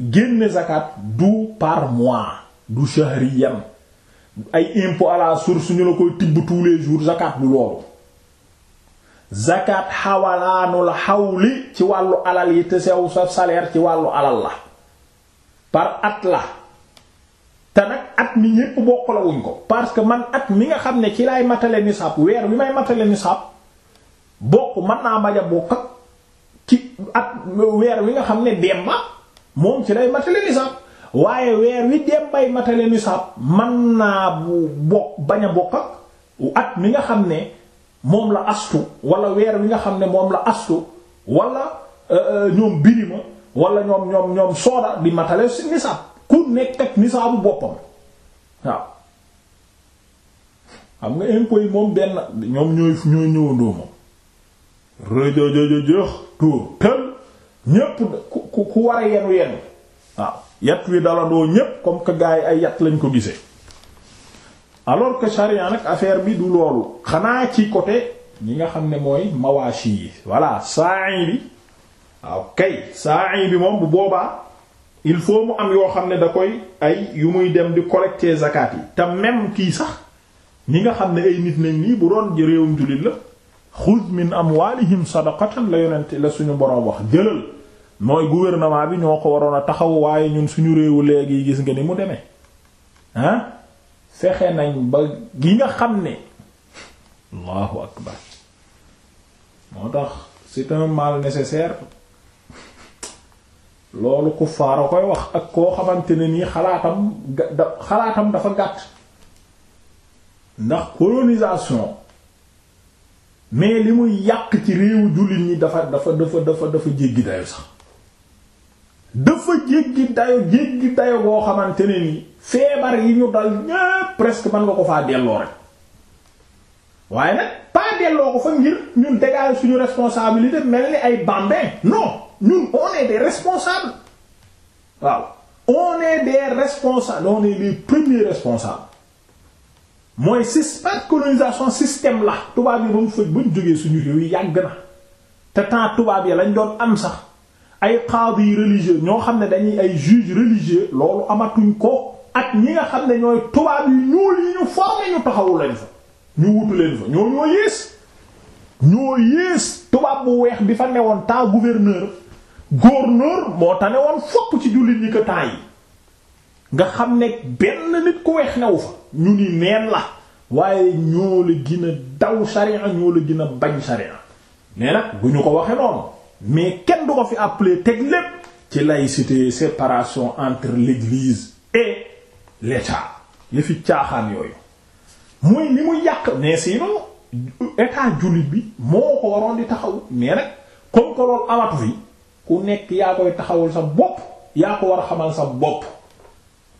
génne zakat du par mois du shahriyan ay impôt à la source ñu la koy tibb tous les jours zakat bu loolu zakat xawalaanul xawli ci wàllu alal yi te sew sa salaire ci wàllu alal la par at la te nag at mi ñépp bokkalewuñ ko parce que man at mi nga xam ne ci laay matale nisaab weer bi may matale nisaab bokk mën naa bañ a bokk ak ci at weer wi nga xam ne demba moom ci lay matale nisaab waaye weer wi dembay matale nisaab man naa bu bokk bañ bokk ak at mi nga xam ne moom la astu wala weer wi nga xam ne moom la astu wala euh, euh, ñoom birima wala ñoom ñoom ñoom sooda di matale si nisaab ku nekk ak nisaabu boppam waaw xam nga impôt yi moom benn ñoom ñooy ñooy ñëwandoo moom rëjëjëjëjëx tuur tël ñépp ku ku war a yenu yenu waaw yat wi dalandoo ñépp comme que gars yi ay yat lañ ko gisee alors que charia nag affaire bi du loolu xanaa ci côté ñi nga xam ne mooy mawaashi yi voilà saa bi waaw kay sa'i bi moom bu boobaa il faut mu am yoo xam ne da koy ay yu muy dem di collecter zakat yi te même kii sax ñi nga xam ne ay nit nañ nii bu doon réewum jullit la xud min amwalihim sadaqatan la yonent la suñu boroom wax jëlal mooy gouvernement bi ñoo ko waroon a taxawu waaye ñun suñu réewu léegi gis nga ni mu demee ah fexe nañ ba gi nga xam ne allahu akbar moo tax c'est un mal nécessaire loolu kuffaar a koy wax ak koo xamante ne nii xalaatam da xalaatam dafa gàtt ndax colonisation mais li muy yàq ci réewu jullit ñi dafa dafa dafa dafa dafa jéggi dayo sax dafa jéggi dayo jéggi dayo boo xamante ne nii feebar yi ñu dal ñépp presque man nga ko faa delloo rek waaye nag delloo ko fa ngir ñun dégager suñu responsabilité mel ni ay bambins non ñun on est des responsables waaw on est des responsables on est les premiers responsables mooy sis par colonisation système la tubaab yi ba mu fëj ba mu jógee suñu réew yi yàgg na te temps tubaab yi lañ doon am sax ay qadi religieux ñoo xam ne dañuy ay juge religieux loolu amatuñ ko ak ñi nga xam ne ñooy tubaab yi ñuul yi ñu formé ñu taxawu lañ fa ñu wutu leen fa ñoo ñoo yées ñoo yées tubaab bu weex bi fa newoon taa gouverneur gouverneur moo tane woon fopp ci jullit ñi ko temps yi nga xam ne benn nit ku weex newu fa ñu ni neen la waaye ñoo la gën a daw sharia ñoo la gën a bañ sharia mais nag bu ñu ko waxee noonu mais kenn du ko fi appelé teg lépp ci laïcité séparation entre l'église et l'État fi caaxaan yooyu mooy ni mu yàq mais sinon état jullit bi moo ko waroon di taxaw mais nag comme que loolu ku nekk yaa koy taxawul sa bopp yaa ko war a xamal sa bopp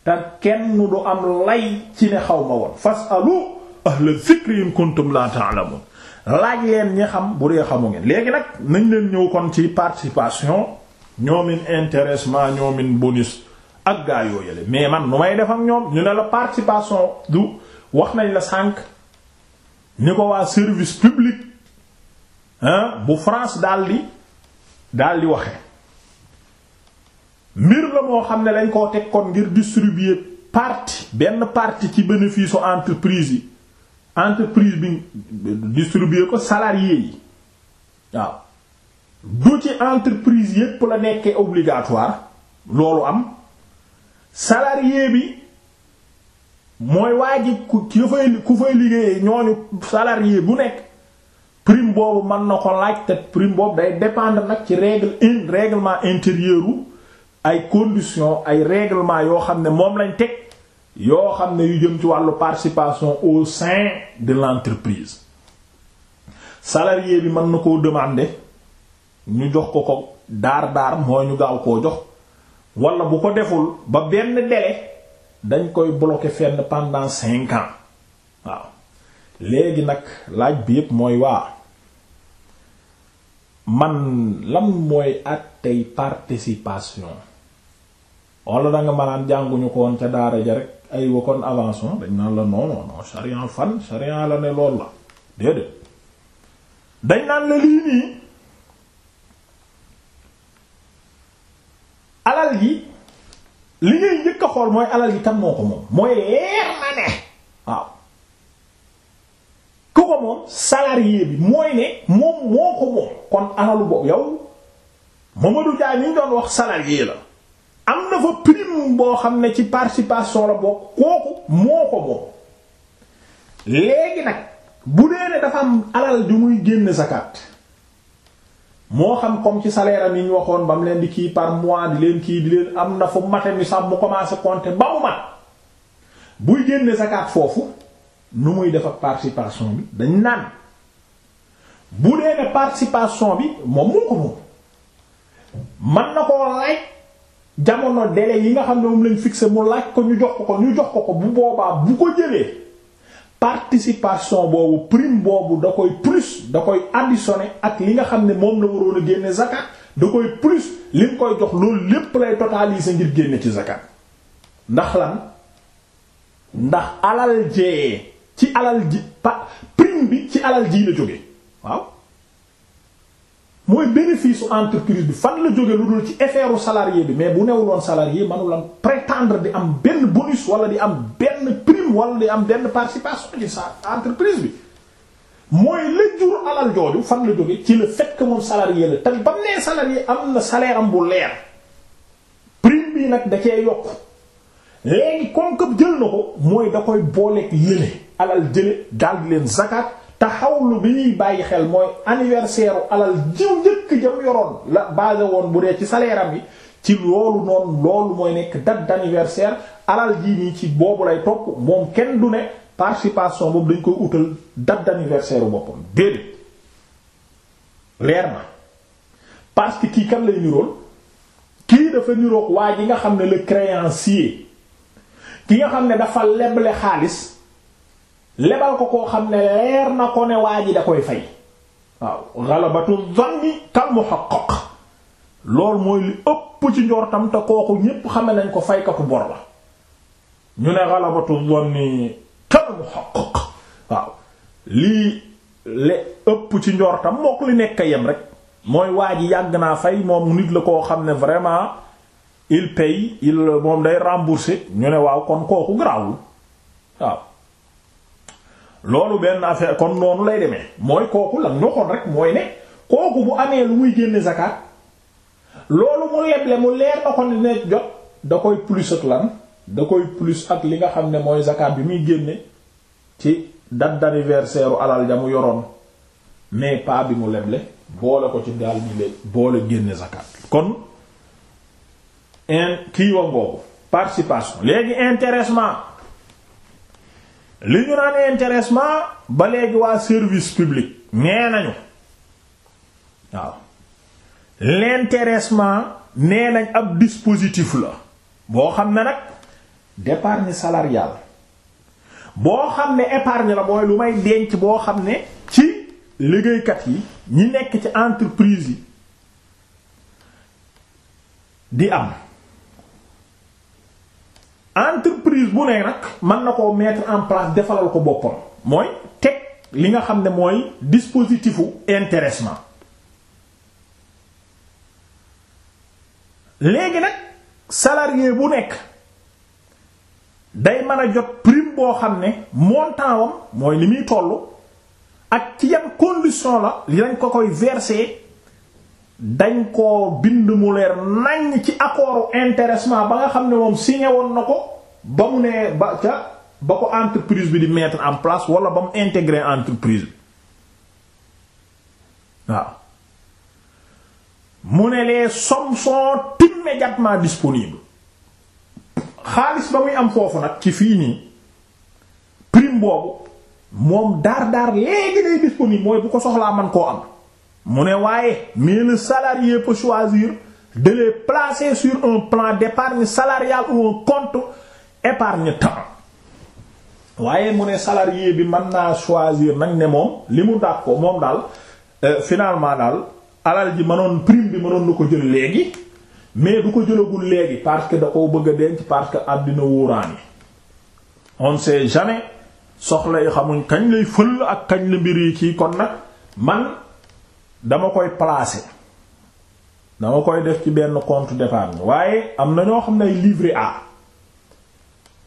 te kenn du am lay ci ne xaw ma woon fasalu ahla zikri in kuntum la ta'lamun laaj leen ñi xam bu dee xamu ngeen léegi nag nañ leen ñëw kon ci participation ñoomin intéressement ñoomin bonus ak gaa yoo yële mais man nu may def ak ñoom ñu ne la participation du wax nañ la sànq ni ko waa service public hein bu France daal di daal di waxe mbir la moo xam ne dañ koo teg kon ngir distribuer partie benn partie ci bénéfice entreprise yi entreprise bi distribuer ko salarié yi waaw du ci entreprise yépp la nekkee obligatoire loolu am salarié bi mooy waa ji ku ki fay ku fay liggéeyee ñooñu salarié bu nekk prime boobu mën na ko laaj te prime boobu day dépendre nag ci règle in ay conditions ay règlement yoo xam ne moom lañ teg yoo xam ne yu jëm ci wàllu participation au sein de l'entreprise salarié bi mën na koo demander ñu jox ko ko daar daar mooy ñu gaaw koo jox walla bu ko deful ba benn délai. dañ koy bloquer fenn pendant cinq ans waaw léegi nag laaj bi yëpp mooy waa man lan mooy àttey participation wala da nga maanaam jànguñu ko woon ca daara ja rek ay wakon avancement ah, dañ naan la non non non sharia fan sharia la ne lool la déedéet dañ naan la lii nii alal yi li ngay njëkk xool mooy alal yi tam moo ko moom mooy leer na ne waaw ku ko moom salarié bi mooy ne moom moo ko moom kon alalu boobu yow Mamadou Dia ñu doon wax salarié la am na fa prime boo xam ne ci participation la bokk kooku moo ko moom léegi nag bu dee ne dafa am alal ju muy génn zakat moo xam comme ci salaire yi ñu waxoon ba mu leen di kii par mois di leen kii di leen am na fu mate mi sax mu commencé compter ba mu mat buy génne sakaat foofu nu muy def ak bi dañ naan bu dee ne participation bi moom moo ko moom man na koo laaj jamono délai yi nga xam ne moom lañ fixé mu laaj ko ñu jox ko ko ñu jox ko ko bu boobaa bu ko jëlee. participation boobu prime boobu da koy plus da koy sone ak li nga xam ne moom la waroon a génne zakat da koy plus li nga koy jox loolu lépp lay totaliser ngir génne ci zakat ndax lan ndax alal jee ci alal ji pa prime bi ci alal ji la jóge waaw mooy bénéfice u entreprise bi fan la jóge lu dul ci effet u bi mais bu newuloon salarié manu la prétendre di am benn bonus wala di am benn prime wala di am benn participation ci sa entreprise bi mooy la jur alal jooju fan la jóge ci la fait que moom salarié la te ba mu nee salarié am na salaire bu leer prime bi nag da yokk léegi comme que jël na ko mooy da koy booleeg yële alal jële daal di leen zakat taxawlu bi ñuy bàyyi xel mooy anniversaire u alal jiw njëkk jam yoroon la basé woon bu dee ci salaire am yi ci loolu noonu loolu mooy nekk date d'anniversaire alal jii nii ci boobu lay topp moom kenn du ne participation boobu dañ koy utal date d'anniversaire boppam déedéet leer na parce que kii kan lay nirool kii dafa niroog waa ji nga xam ne le créancier ki nga xam ne dafa leble xaalis lebal ko koo xam ne leer na ko ne waa ji da koy fay waaw ghalabatu dhanni kal muhaqqaq loolu mooy li ëpp ci njortam te kooku ñépp xame nañ ko faykatu bor la ñu ne ghalabatu dhanni kal muhaqqaq waaw lii le ëpp ci njortam mook li nekk yem rek mooy waa ji yàgg naa fay moom nit la koo xam ne vraiment il paye il moom day rembourser ñu ne waaw kon kooku garaawul waaw loolu benn affaire kon noonu lay demee mooy kooku la ñoxoon rek mooy ne kooku bu amee lu muy génne zakat loolu mu leble mu leer na ne jot da koy plus ak lan da koy plus ak li nga xam ne mooy zakat bi muy génne ci date d'anniversaire u alal ja mu yoroon mais pas bi mu leble boole ko ci daal bi le boole génne zakat kon in kii wa participation léegi intéressement li ñu naan intéressement ba léegi waa service public nee nañu waaw l'intéressement nee nañ ab dispositif la boo xam ne nag d'épargne salariale boo xam ne épargne la mooy lu may denc boo xam ne ci liggéeykat yi ñi nekk ci entreprise yi di am entre entreprise bu nee nag mën na koo mettre en place defalal ko boppam mooy teg li nga xam ne mooy dispositifu intéressement léegi nag salarié bu nekk day mën a jot prime boo xam ne montant wam mooy li muy tollu ak ci yan condition la li lañ ko koy verser dañ ko bind mu leer nañ ci accordu intéressement ba nga xam ne moom signé woon na ko ba mu nee ba ca ba ko entreprise bi di mettre en place wala ba mu intégrer entreprise bi waaw mu ne les sommes sont immédiatement disponibles xaalis ba muy am foofu nag ci fii nii prime boobu moom daar daar léegi day disponible mooy bu ko soxlaa man koo am mu ne waaye mais salarié peut choisir de les placer sur un plan d'épargne salariale ou un compte épargne temps waaye mu ne salarié bi mën naa choisir nag ne moom li mu dàq ko moom daal euh, finalement daal alal ji mënoon prime bi mënoon na ko jël léegi mais du ko jëlagul léegi parce que da koo bëgg a denc parce que àddina wóoraan yi on sait jamais soxla yi xamuñ kañ lay fël ak kañ la mbir yi kii kon nag man dama koy placer dama koy def ci benn compte d'épargne waaye am na ñoo xam ne livret A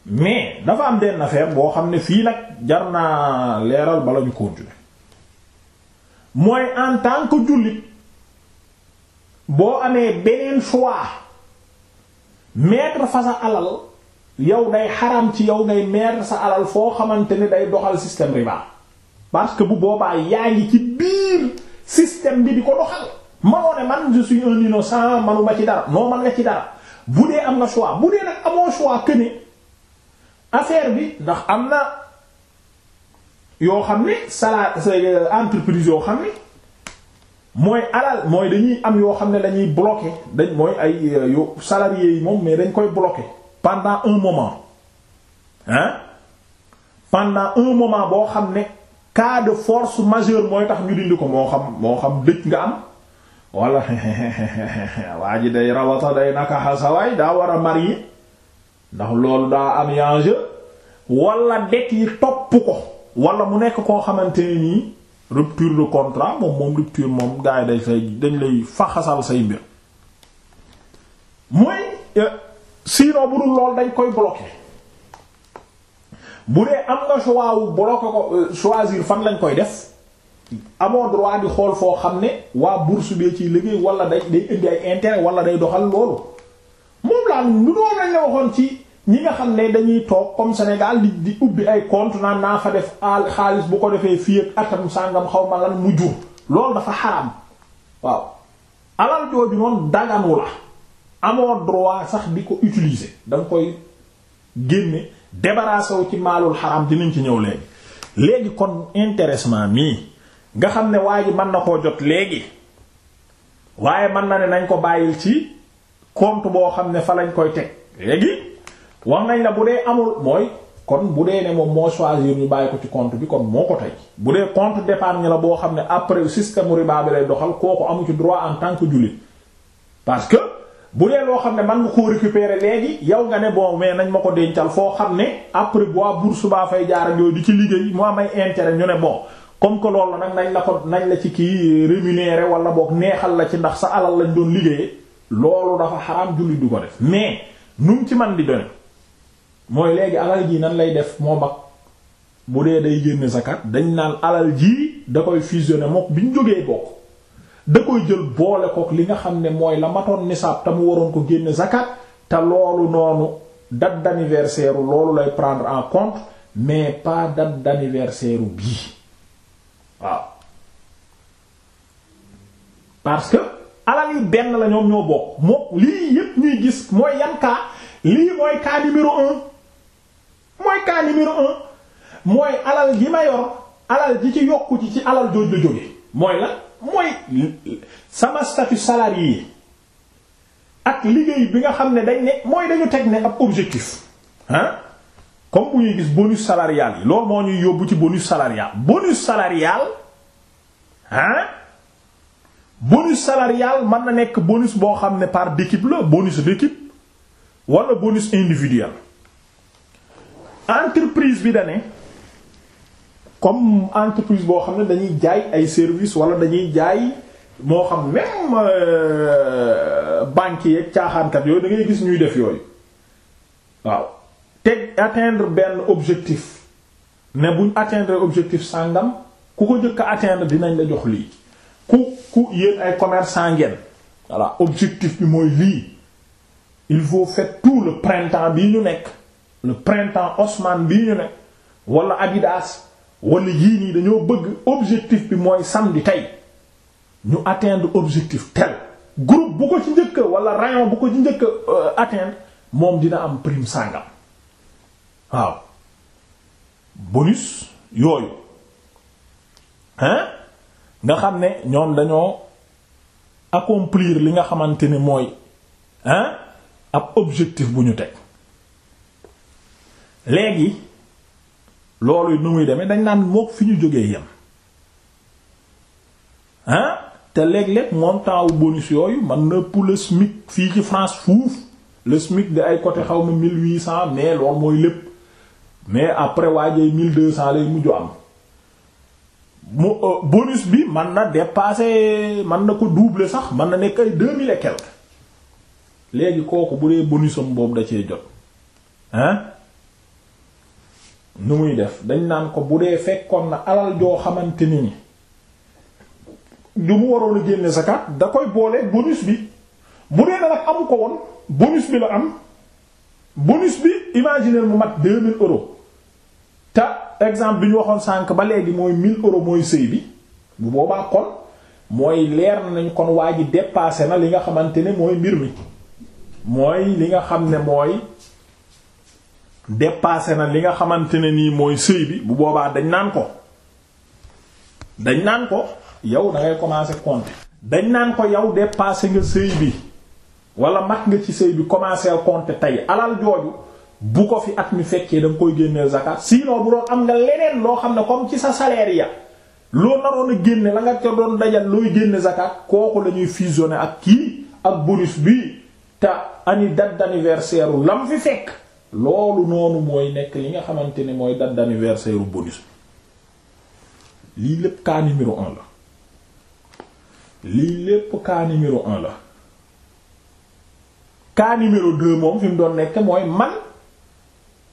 mais dafa am benn affaire boo xam ne fii nag jar naa leeral bala ñu continuer mooy en tant que jullit boo amee beneen choix mettre fa sa alal yow day xaram ci yow ngay mettre sa alal foo xamante ni day doxal système riba parce que bu boobaa yaa ngi ci biir système bi di ko doxal manoo ne man je suis un innocent manuma ci dara non man nga ci dara bu dee am nga choix bu dee nag amoo choix que affaire bi ndax am na yoo xam ne sala euh, entreprise yoo xam ne mooy alal mooy dañuy am yoo xam ne dañuy bloqué dañ mooy ay euh, yo salariés yi moom mais dañ koy bloqué pendant un moment hein pendant un moment boo xam ne cas de force majeure mooy tax ñu dindi ko moo xam moo xam dëj nga am walla [LAUGHS] waa ji day rawata day nakaxa sawaay daa war a mari ndax loolu daa am enjeu wala det yi topp ko wala mu nekk koo xamante ne nii rupture de contrat moom moom rupture moom gars yi day say dañ lay faxasal say mbir mooy euh, sinon bu dul lool dañ koy bloquer bu dee am nga choix wu bloquer ko euh, fan lañ koy def amoon droit di xool foo xam ne waa bourse bee ciy liggéey wala day day indi ay intérêt wala day doxal loolu moom laa lu noonu lañ la waxoon ci ñi nga xam ne dañuy toog comme Sénégal di di ubbi ay compte naa fa def al xaalis bu ko defee fii ak atam sàngam xaw ma lan mu jur loolu dafa xaram waaw alal jooju noonu daganu la amoo droit sax di ko utiliser danga koy génne débarrassé ci maalul xaram dinañ ci ñëw léegi léegi kon intéressement mii nga xam ne waa ji mën na koo jot léegi waaye mën na ne nañ ko bàyyil ci compte boo xam ne fa lañ koy teg léegi wax nañ la bu dee amul mooy kon bu dee ne moom moo choisir ñu bàyyi ko ci bi kon moo ko tey bu dee compte d'épargne la boo xam ne après système riba bi lay doxal kooku amu ci droit en tant que jullit parce que bu dee loo xam ne man nga koo récupérer léegi yow nga ne bon mais nañ ma ko dencal foo xam ne après bois bourse baa fay jaar ak yooyu di ci liggéey mu am ay ñu ne bon comme que loolu nag nañ la ko nañ la ci kii rémunérer wala boog neexal la ci ndax sa alal lañ doon liggéeyee loolu dafa xaraam jullit du ko mais nu ci man di doon mooy léegi alal jii nan lay def moo ak bu dee day génn zakat dañ naan alal ji da koy fusionner mook bi ñu jógee bokk da koy jël boole kook li nga xam ne mooy la matoon nisaab te mu waroon ko génne zakat te loolu noonu date d'anniversaire loolu lay prendre en compte mais pas date d'anniversaire bii waaw parce que alal yi benn la ñoom ñoo bokk moo lii yépp ñuy gis mooy yan lii mooy cas numéro mooy cas numéro un mooy alal ji ma yor alal ji ci yokku ci ci alal jooj la jóge mooy la mooy sama statut salarié yi ak liggéey bi nga xam ne dañ ne mooy dañu teg ne ab objectif ah comme bu ñuy gis bonus salarial yi loolu moo ñuy yóbbu ci bonus salarial bonus salarial ah bonus salarial mën na nekk bonus boo xam ne par d'équipe la bonus d'équipe wala bonus individuel entreprise bi da ne comme entreprise boo xam ne dañuy jaay ay services wala dañuy jaay moo xam même euh, banques yeeg caaxaankat yooyu da ngay gis ñuy def yooyu waaw te atteindre benn objectif ne buñ atteindre objectif sàngam ku ko jëkk a atteindre dinañ la jox lii ku ku yéen ay commerçant ngeen voilà objectif bi mooy lii il faut faire tout le printemps bii ñu nekk. le printemps Osman bii ñu ne wala Adidas walla yii nii dañoo bëgg objectif bi mooy samedi tey ñu atteindre objectif tel groupe bu ko ci njëkk wala rayon bu ko ci njëkk euh, atteindre moom dina am prime sàngam waaw bonus yooyu hein nga xam ne ñoom dañoo accomplir li nga xamante ni mooy hein ab objectif bu ñu teg léegi loolu nu muy demee dañ naan mook fi ñu jógee yem ah te léeg-léeg montant wu bonus yooyu man na pour le SMIC fii ci France fuuf le SMIC de ay côté xaw ma mille huit cent mais loolu mooy lépp mais après waajee mille deux cent lay mujj am mu euh, bonus bi man na dépasser man na ko doubler sax man na nekk ay deux mille et léegi kooku bu dee bonusam boobu da cee jot ah. nu muy def dañ naan ko bu dee fekkoon na alal joo xamante ni ni ju mu waroon a génne zakat da koy boole bonus bi bu dee nag amu ko woon bonus bi la am bonus bi imaginer mu mat 2000 euros te exemple bi ñu waxoon sànq ba léegi mooy 1000 euros mooy sëy bi bu boobaa kon mooy leer nañ kon waa ji dépassé na li nga xamante ni mooy mbir mi mooy li nga xam ne mooy. dépassé na li nga xamante ne nii mooy sëy bi bu boobaa dañ naan ko dañ naan ko yow da ngay commencer compter dañ naan ko yow dépassé nga sëy bi wala mag nga ci sëy bi commencer compter tey alal jooju bu ko fi at mi fekkee da nga koy génneel zakat sinon bu doon am nga leneen loo xam ne comme ci sa salaire ya loo naroon a génne la nga ca doon dajal looy génne zakat kooku la ñuy fusionner ak kii ak bonus bi te ani date d'anniversaire lam fi fekk loolu noonu mooy nekk li nga xamante ni mooy date d'anniversaire u bonus bi lii lépp cas numéro un la lii lépp cas numéro un la cas numéro deux moom fi mu doon nekk mooy man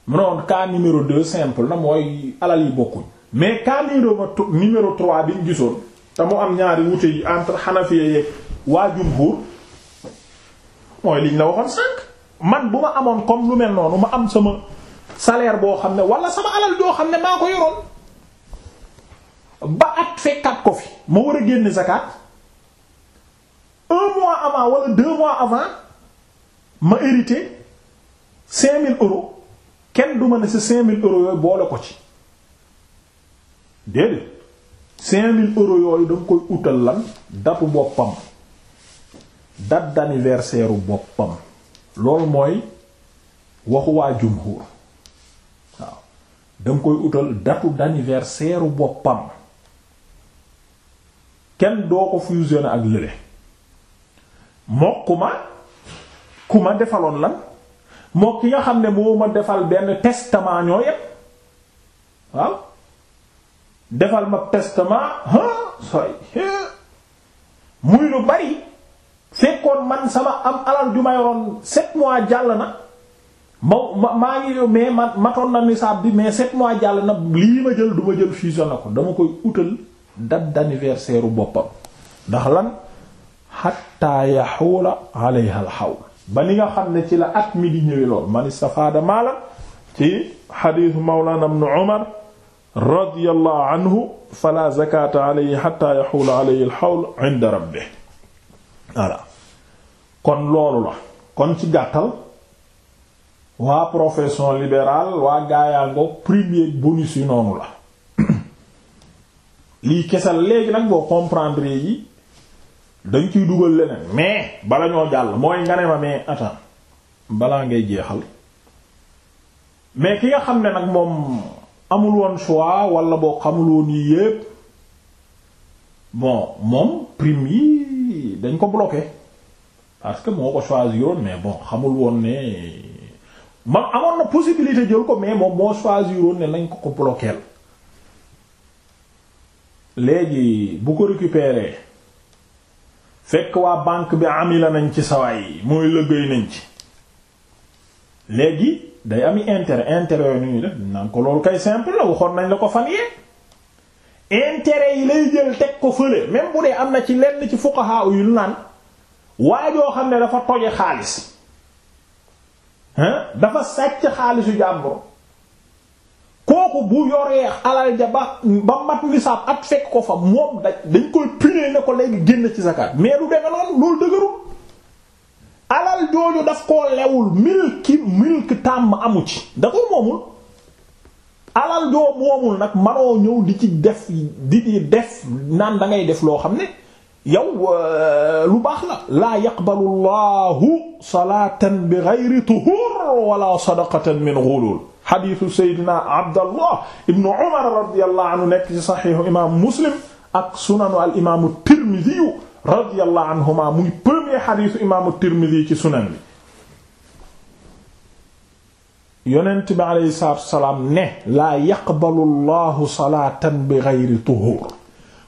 mu noon cas numéro deux simple na mooy alal yi bokkuñ mais cas numéro trois bi ñu gisoon te mu am ñaari wute yi entre Hanafiya yeeg waa jumhur mooy liñ la waxoon man bu ma amoon comme lu mel noonu ma am sama salaire boo xam ne wala sama alal joo xam ne maa ko yoroon ba at fekkat ko fi ma war a génne zakat un mois avant wala deux mois avant ma hérité cinq mille euros kenn du ma ne sa cinq mille euros yooyu boole ko ci déedéet cinq mille da nga koy utal lan datu boppam date d'anniversaire boppam loolu mooy waxu waa jumhur waaw danga koy utal datu d'anniversaire boppam kenn doo ko fusionné ak lële moo ku ma defaloon lan moo ki nga xam ne moo ma defal benn testament ñoo yépp waaw defal ma testament ha soy muy lu bari fekkoon man sama am alal ju ma yoroon sept mois jàll na ma ma maa mais ma matoon na nisaab bi mais sept mois jàll na lii ma jël du ma jël fusion na ko dama koy utal date d'anniversaire boppam ndax lan xatta yaxuula alayha al xawl ba ni nga xam ne ci la at mi di ñëwee lool man istafaada maalan ci xadiisu mawlana ibn umar radiyallahu anhu fala zakata alayhi xatta yaxuula alayhi al xawl inda voilà kon loolu la kon ci gàttal waa profession libérale waa gaayaango premier bonus yu noonu la [CLEARS THROAT] lii kesal léegi nag boo comprendre yi dañ ciy dugal leneen mais bala ñoo jàll mooy nga ne ma mais attends balaa ngay jeexal mais ki nga xam ne nag moom amul woon choix wala boo xamul woon yi yépp bon moom prime yi dañ ko bloqué parce que moo ko choisiroon mais bon xamul woon ne man amoon na possibilité jël ko mais moom moo choisiroon ne nañ ko ko bloqué léegi bu ko récupérer fekk waa banque bi amila nañ ci sawaay mooy lëggéey nañ ci léegi day ami intérêt intérêt yooyu nu ñuy def naan ko loolu kay simple la waxoon nañ la ko fan yee intérêt yi lay jël teg ko fële même bu dee am na ci lenn ci fuqaha yu naan waajoo xam ne dafa toje xaalis dafa sàcc xaalisu jàmbur kooku bu yoree alal ja ba ba mat nisaab at fekk ko fa moom daj dañ koy punir ne ko léegi génn ci zakat mais du deme noonu loolu dëgërul alal jooju daf koo lewul milki milk tàmm amu ci dafa ko moomul alal joo moomul nag manoo ñëw di ci def di ci def naan da ngay def loo xam ne yow euh, lu baax la laa yaqbalu llahu salaatan bi gayri tuhur wala sadaqatan min ghulul xadisu saydina abdallah ibnu umar radiallah anhu nekk ci saxiixu imaamu muslim ak sunanu al imaamu tirmidi radiallah anhuma muy premier xadisu imaamu tirmidi ci sunan bi yonent bi aleyhi salaatu wasalaam ne laa yaqbalu llahu salaatan bi geyri tuhur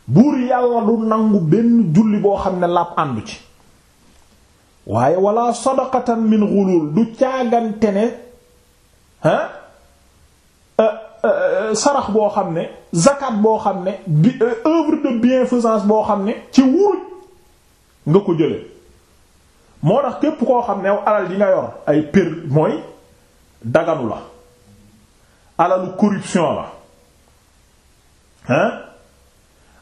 buur yàlla du nangu benn julli boo xam ne làpp àndu ci waaye wala sadaqatan min ghulul du caagante ne ah sarax boo xam ne zakat boo xam ne bi euh, œuvre de bienfaisance boo xam ne ci wuruj nga ko jële moo tax képp koo xam ne alal yi nga yor ay pér mooy daganu la alalu corruption la hein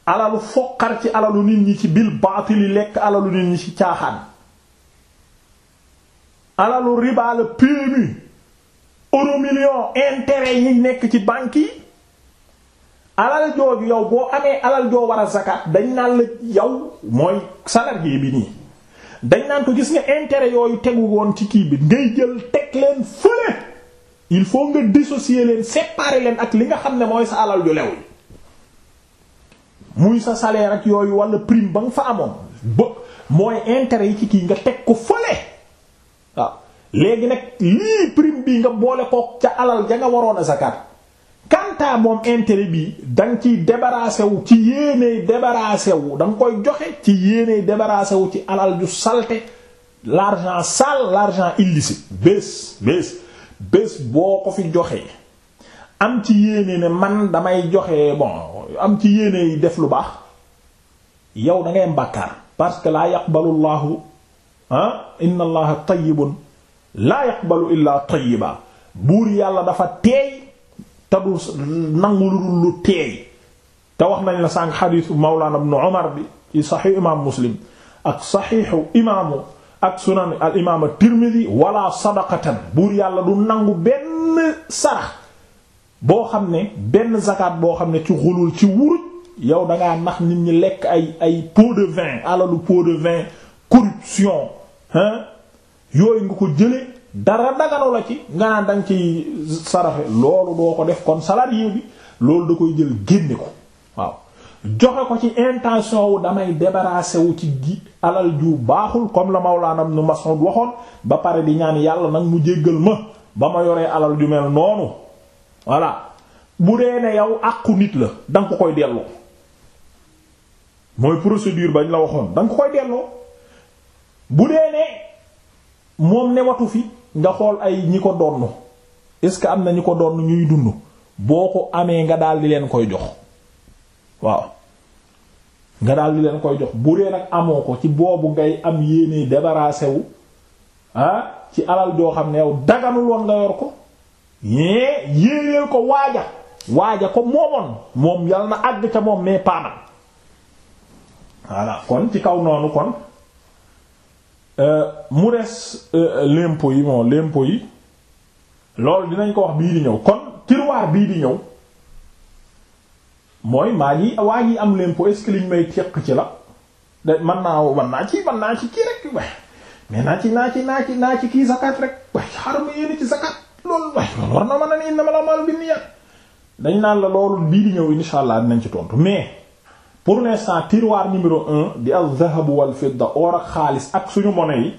alalu foqar ci alalu nit ñi ci bil baatili lekk alalu nit ñi ci caaxaan alalu riba la PMU euro million intérêt yi nekk ci banque yi alal jooju yow boo amee alal joo war a zakat dañ naan la yow mooy salarié bi nii dañ naan ko gis nga intérêt yooyu tegu woon ci kii bi ngay jël teg leen fële il faut nga dissocier leen séparer leen ak li nga xam ne mooy sa alal ju lew ji muy sa salaire ak yooyu wala prime ba nga fa amoon ba mooy intérêt yi ci kii nga teg ko fële waaw léegi nag lii prime bi nga boole ko ca alal ja nga waroon a zakat kanta moom intérêt bi danga ciy débarrassé wu ci yéeney débarrassé wu da nga koy joxe ci yéeney débarrassé wu ci alal ju salte l'argent sale l'argent illicite bés bés bés boo ko fi joxee am ci yéene ne man damay joxe bon am ci yéene def lu baax yow da ngay mbàkkaar parce que laa yaqbalu llahu ah inna allaha tayyibun laa yaqbalu illa tayyiba buur yàlla dafa teey te du nangu lu teey te wax nañ la sànq xadiisu mawlana ibnu umar bi ci saxiix imaamu muslim ak saxiixu imaamu ak sunan al imaam at-Tirmidhi wala sadaqatan buur yàlla du nangu benn sarax boo xam ne benn zakat boo xam ne ci xulul ci wuruj yow da ngaa nax nit ñi lekk ay ay pot de vin alalu pot de vin corruption hein yooyu nga ko jële dara dagano ci nga naan ci saraxe loolu doo ko def kon salarié bi loolu da koy jël génne ko waaw joxe ko ci intention wu damay débarrasser wu ci gi alal ju baaxul comme la Mawlaana nu Mas'ud waxoon ba pare di ñaan yàlla nag mu jéggal ma ba ma yoree alal ju mel noonu voilà bu dee ne yow àqu nit la danga ko koy delloo mooy procédure bañ la waxoon danga ko koy delloo bu dee ne moom newatu fi nga xool ay ñi ko donn est-ce que am na ñi ko donn ñuy dund boo ko amee nga daal di leen koy jox waaw nga daal di leen koy jox bu dee nag amoo ko ci boobu ngay am yéene débarrassé ah, ci alal joo xam ne yow daganul woon nga yor ko yée yéeneel ko waaja waaja ko moomoon moom yàlla na àgg ca moom mais paanam voilà kon ci kaw noonu kon euh, mu des euh, l'impôt yi moom l'impôt yi loolu dinañ ko wax bii di ñëw kon tiroir bii di ñëw mooy maa ngi waa ngi am leen est-ce que liñ may teq ci la da man naa man naa ci man naa ci kii rek wa mais naa ci naa ci naa ci naa ci kii zakat rek way xaaral ma ci zakat loolu way war na ma a ne innamal a'maalu binniyat dañ naan la loolu bii di ñëw insha allah nañ ci tontu mais pour ne l'instant tiroir numéro un di al-dhahab wal fidda or ak xaalis ak suñu monnaie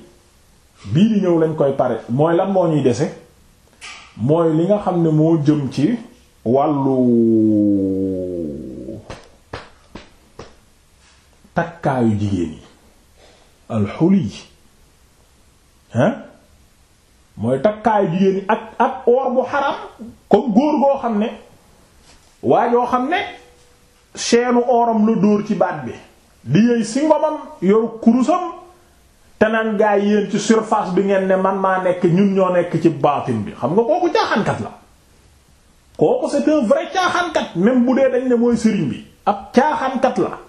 bii di ñëw lañ koy pare mooy lan moo ñuy dese mooy li nga xam ne moo jëm ci wàllu takkaayu jigéen yi alxuli mooy takkaayu jigéen yi ak ak or bu xaram comme góor goo xam ne waa joo xam ne seenu oram la dóor ci baat bi di yëy si ngomam yoru kurusam te naan gaa yi ci surface bi ngeen ne man maa nekk ñun ñoo nekk ci baatin bi xam nga kooku caaxaankat la kooku c'est un vrai caaxaankat même bu dee dañ ne mooy sëriñ bi ab caaxaankat la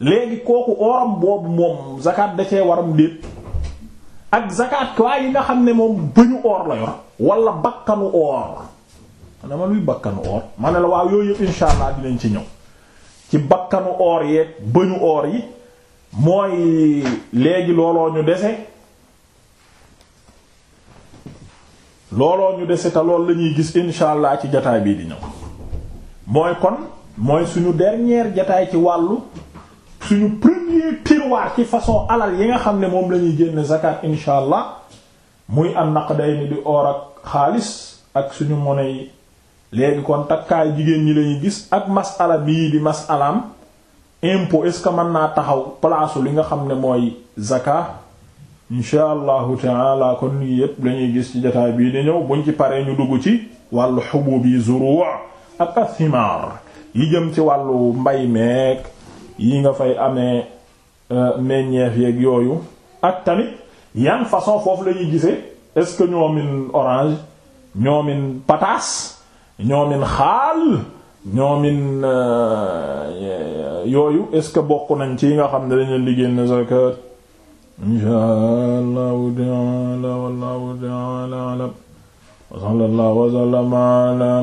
léegi kooku oram boobu moom zakat da cee waram déet ak zakat waa yi nga xam ne moom bëñu or la yor wala bakkanu or ne la waaw yooyu yëpp dinañ ci ñëw ci bakkanu or yeeg bëñu or yi mooy léegi looloo ñu dese looloo ñu dese te loolu la ñuy gis insha ci jataay bii di ñëw mooy kon mooy suñu dernier jataay ci wàllu suñu premier tiroir ci façon alal yi nga xam ne moom la ñuy génn zakat insha allah muy am naqday ni di or ak xaalis ak suñu monnaie yi léegi kon takkaay jigéen ñi lañuy gis ak masala bii di masalaam impôt est-ce que mën naa taxaw place li nga xam ne mooy zakat insha allahu taala kon lii yépp lañuy gis ci jotaay bii di ñëw buñ ci paree ñu dugg ci wàllu xubub yi zuru' ak athimaar yi jëm ci wàllu mbay meek yi nga fay amee euh, meññeef yeeg yooyu ak tamit yan façon foofu la ñuy est-ce que ñoomin orange ñoomin pataas ñoomin xaal ñoomin euh, yooyu est-ce que bokk nañ ci yi nga xam ne dañu liggéey na zakat inshaa allahu taala wallahu taala alam wa sallallahu wa sallama ala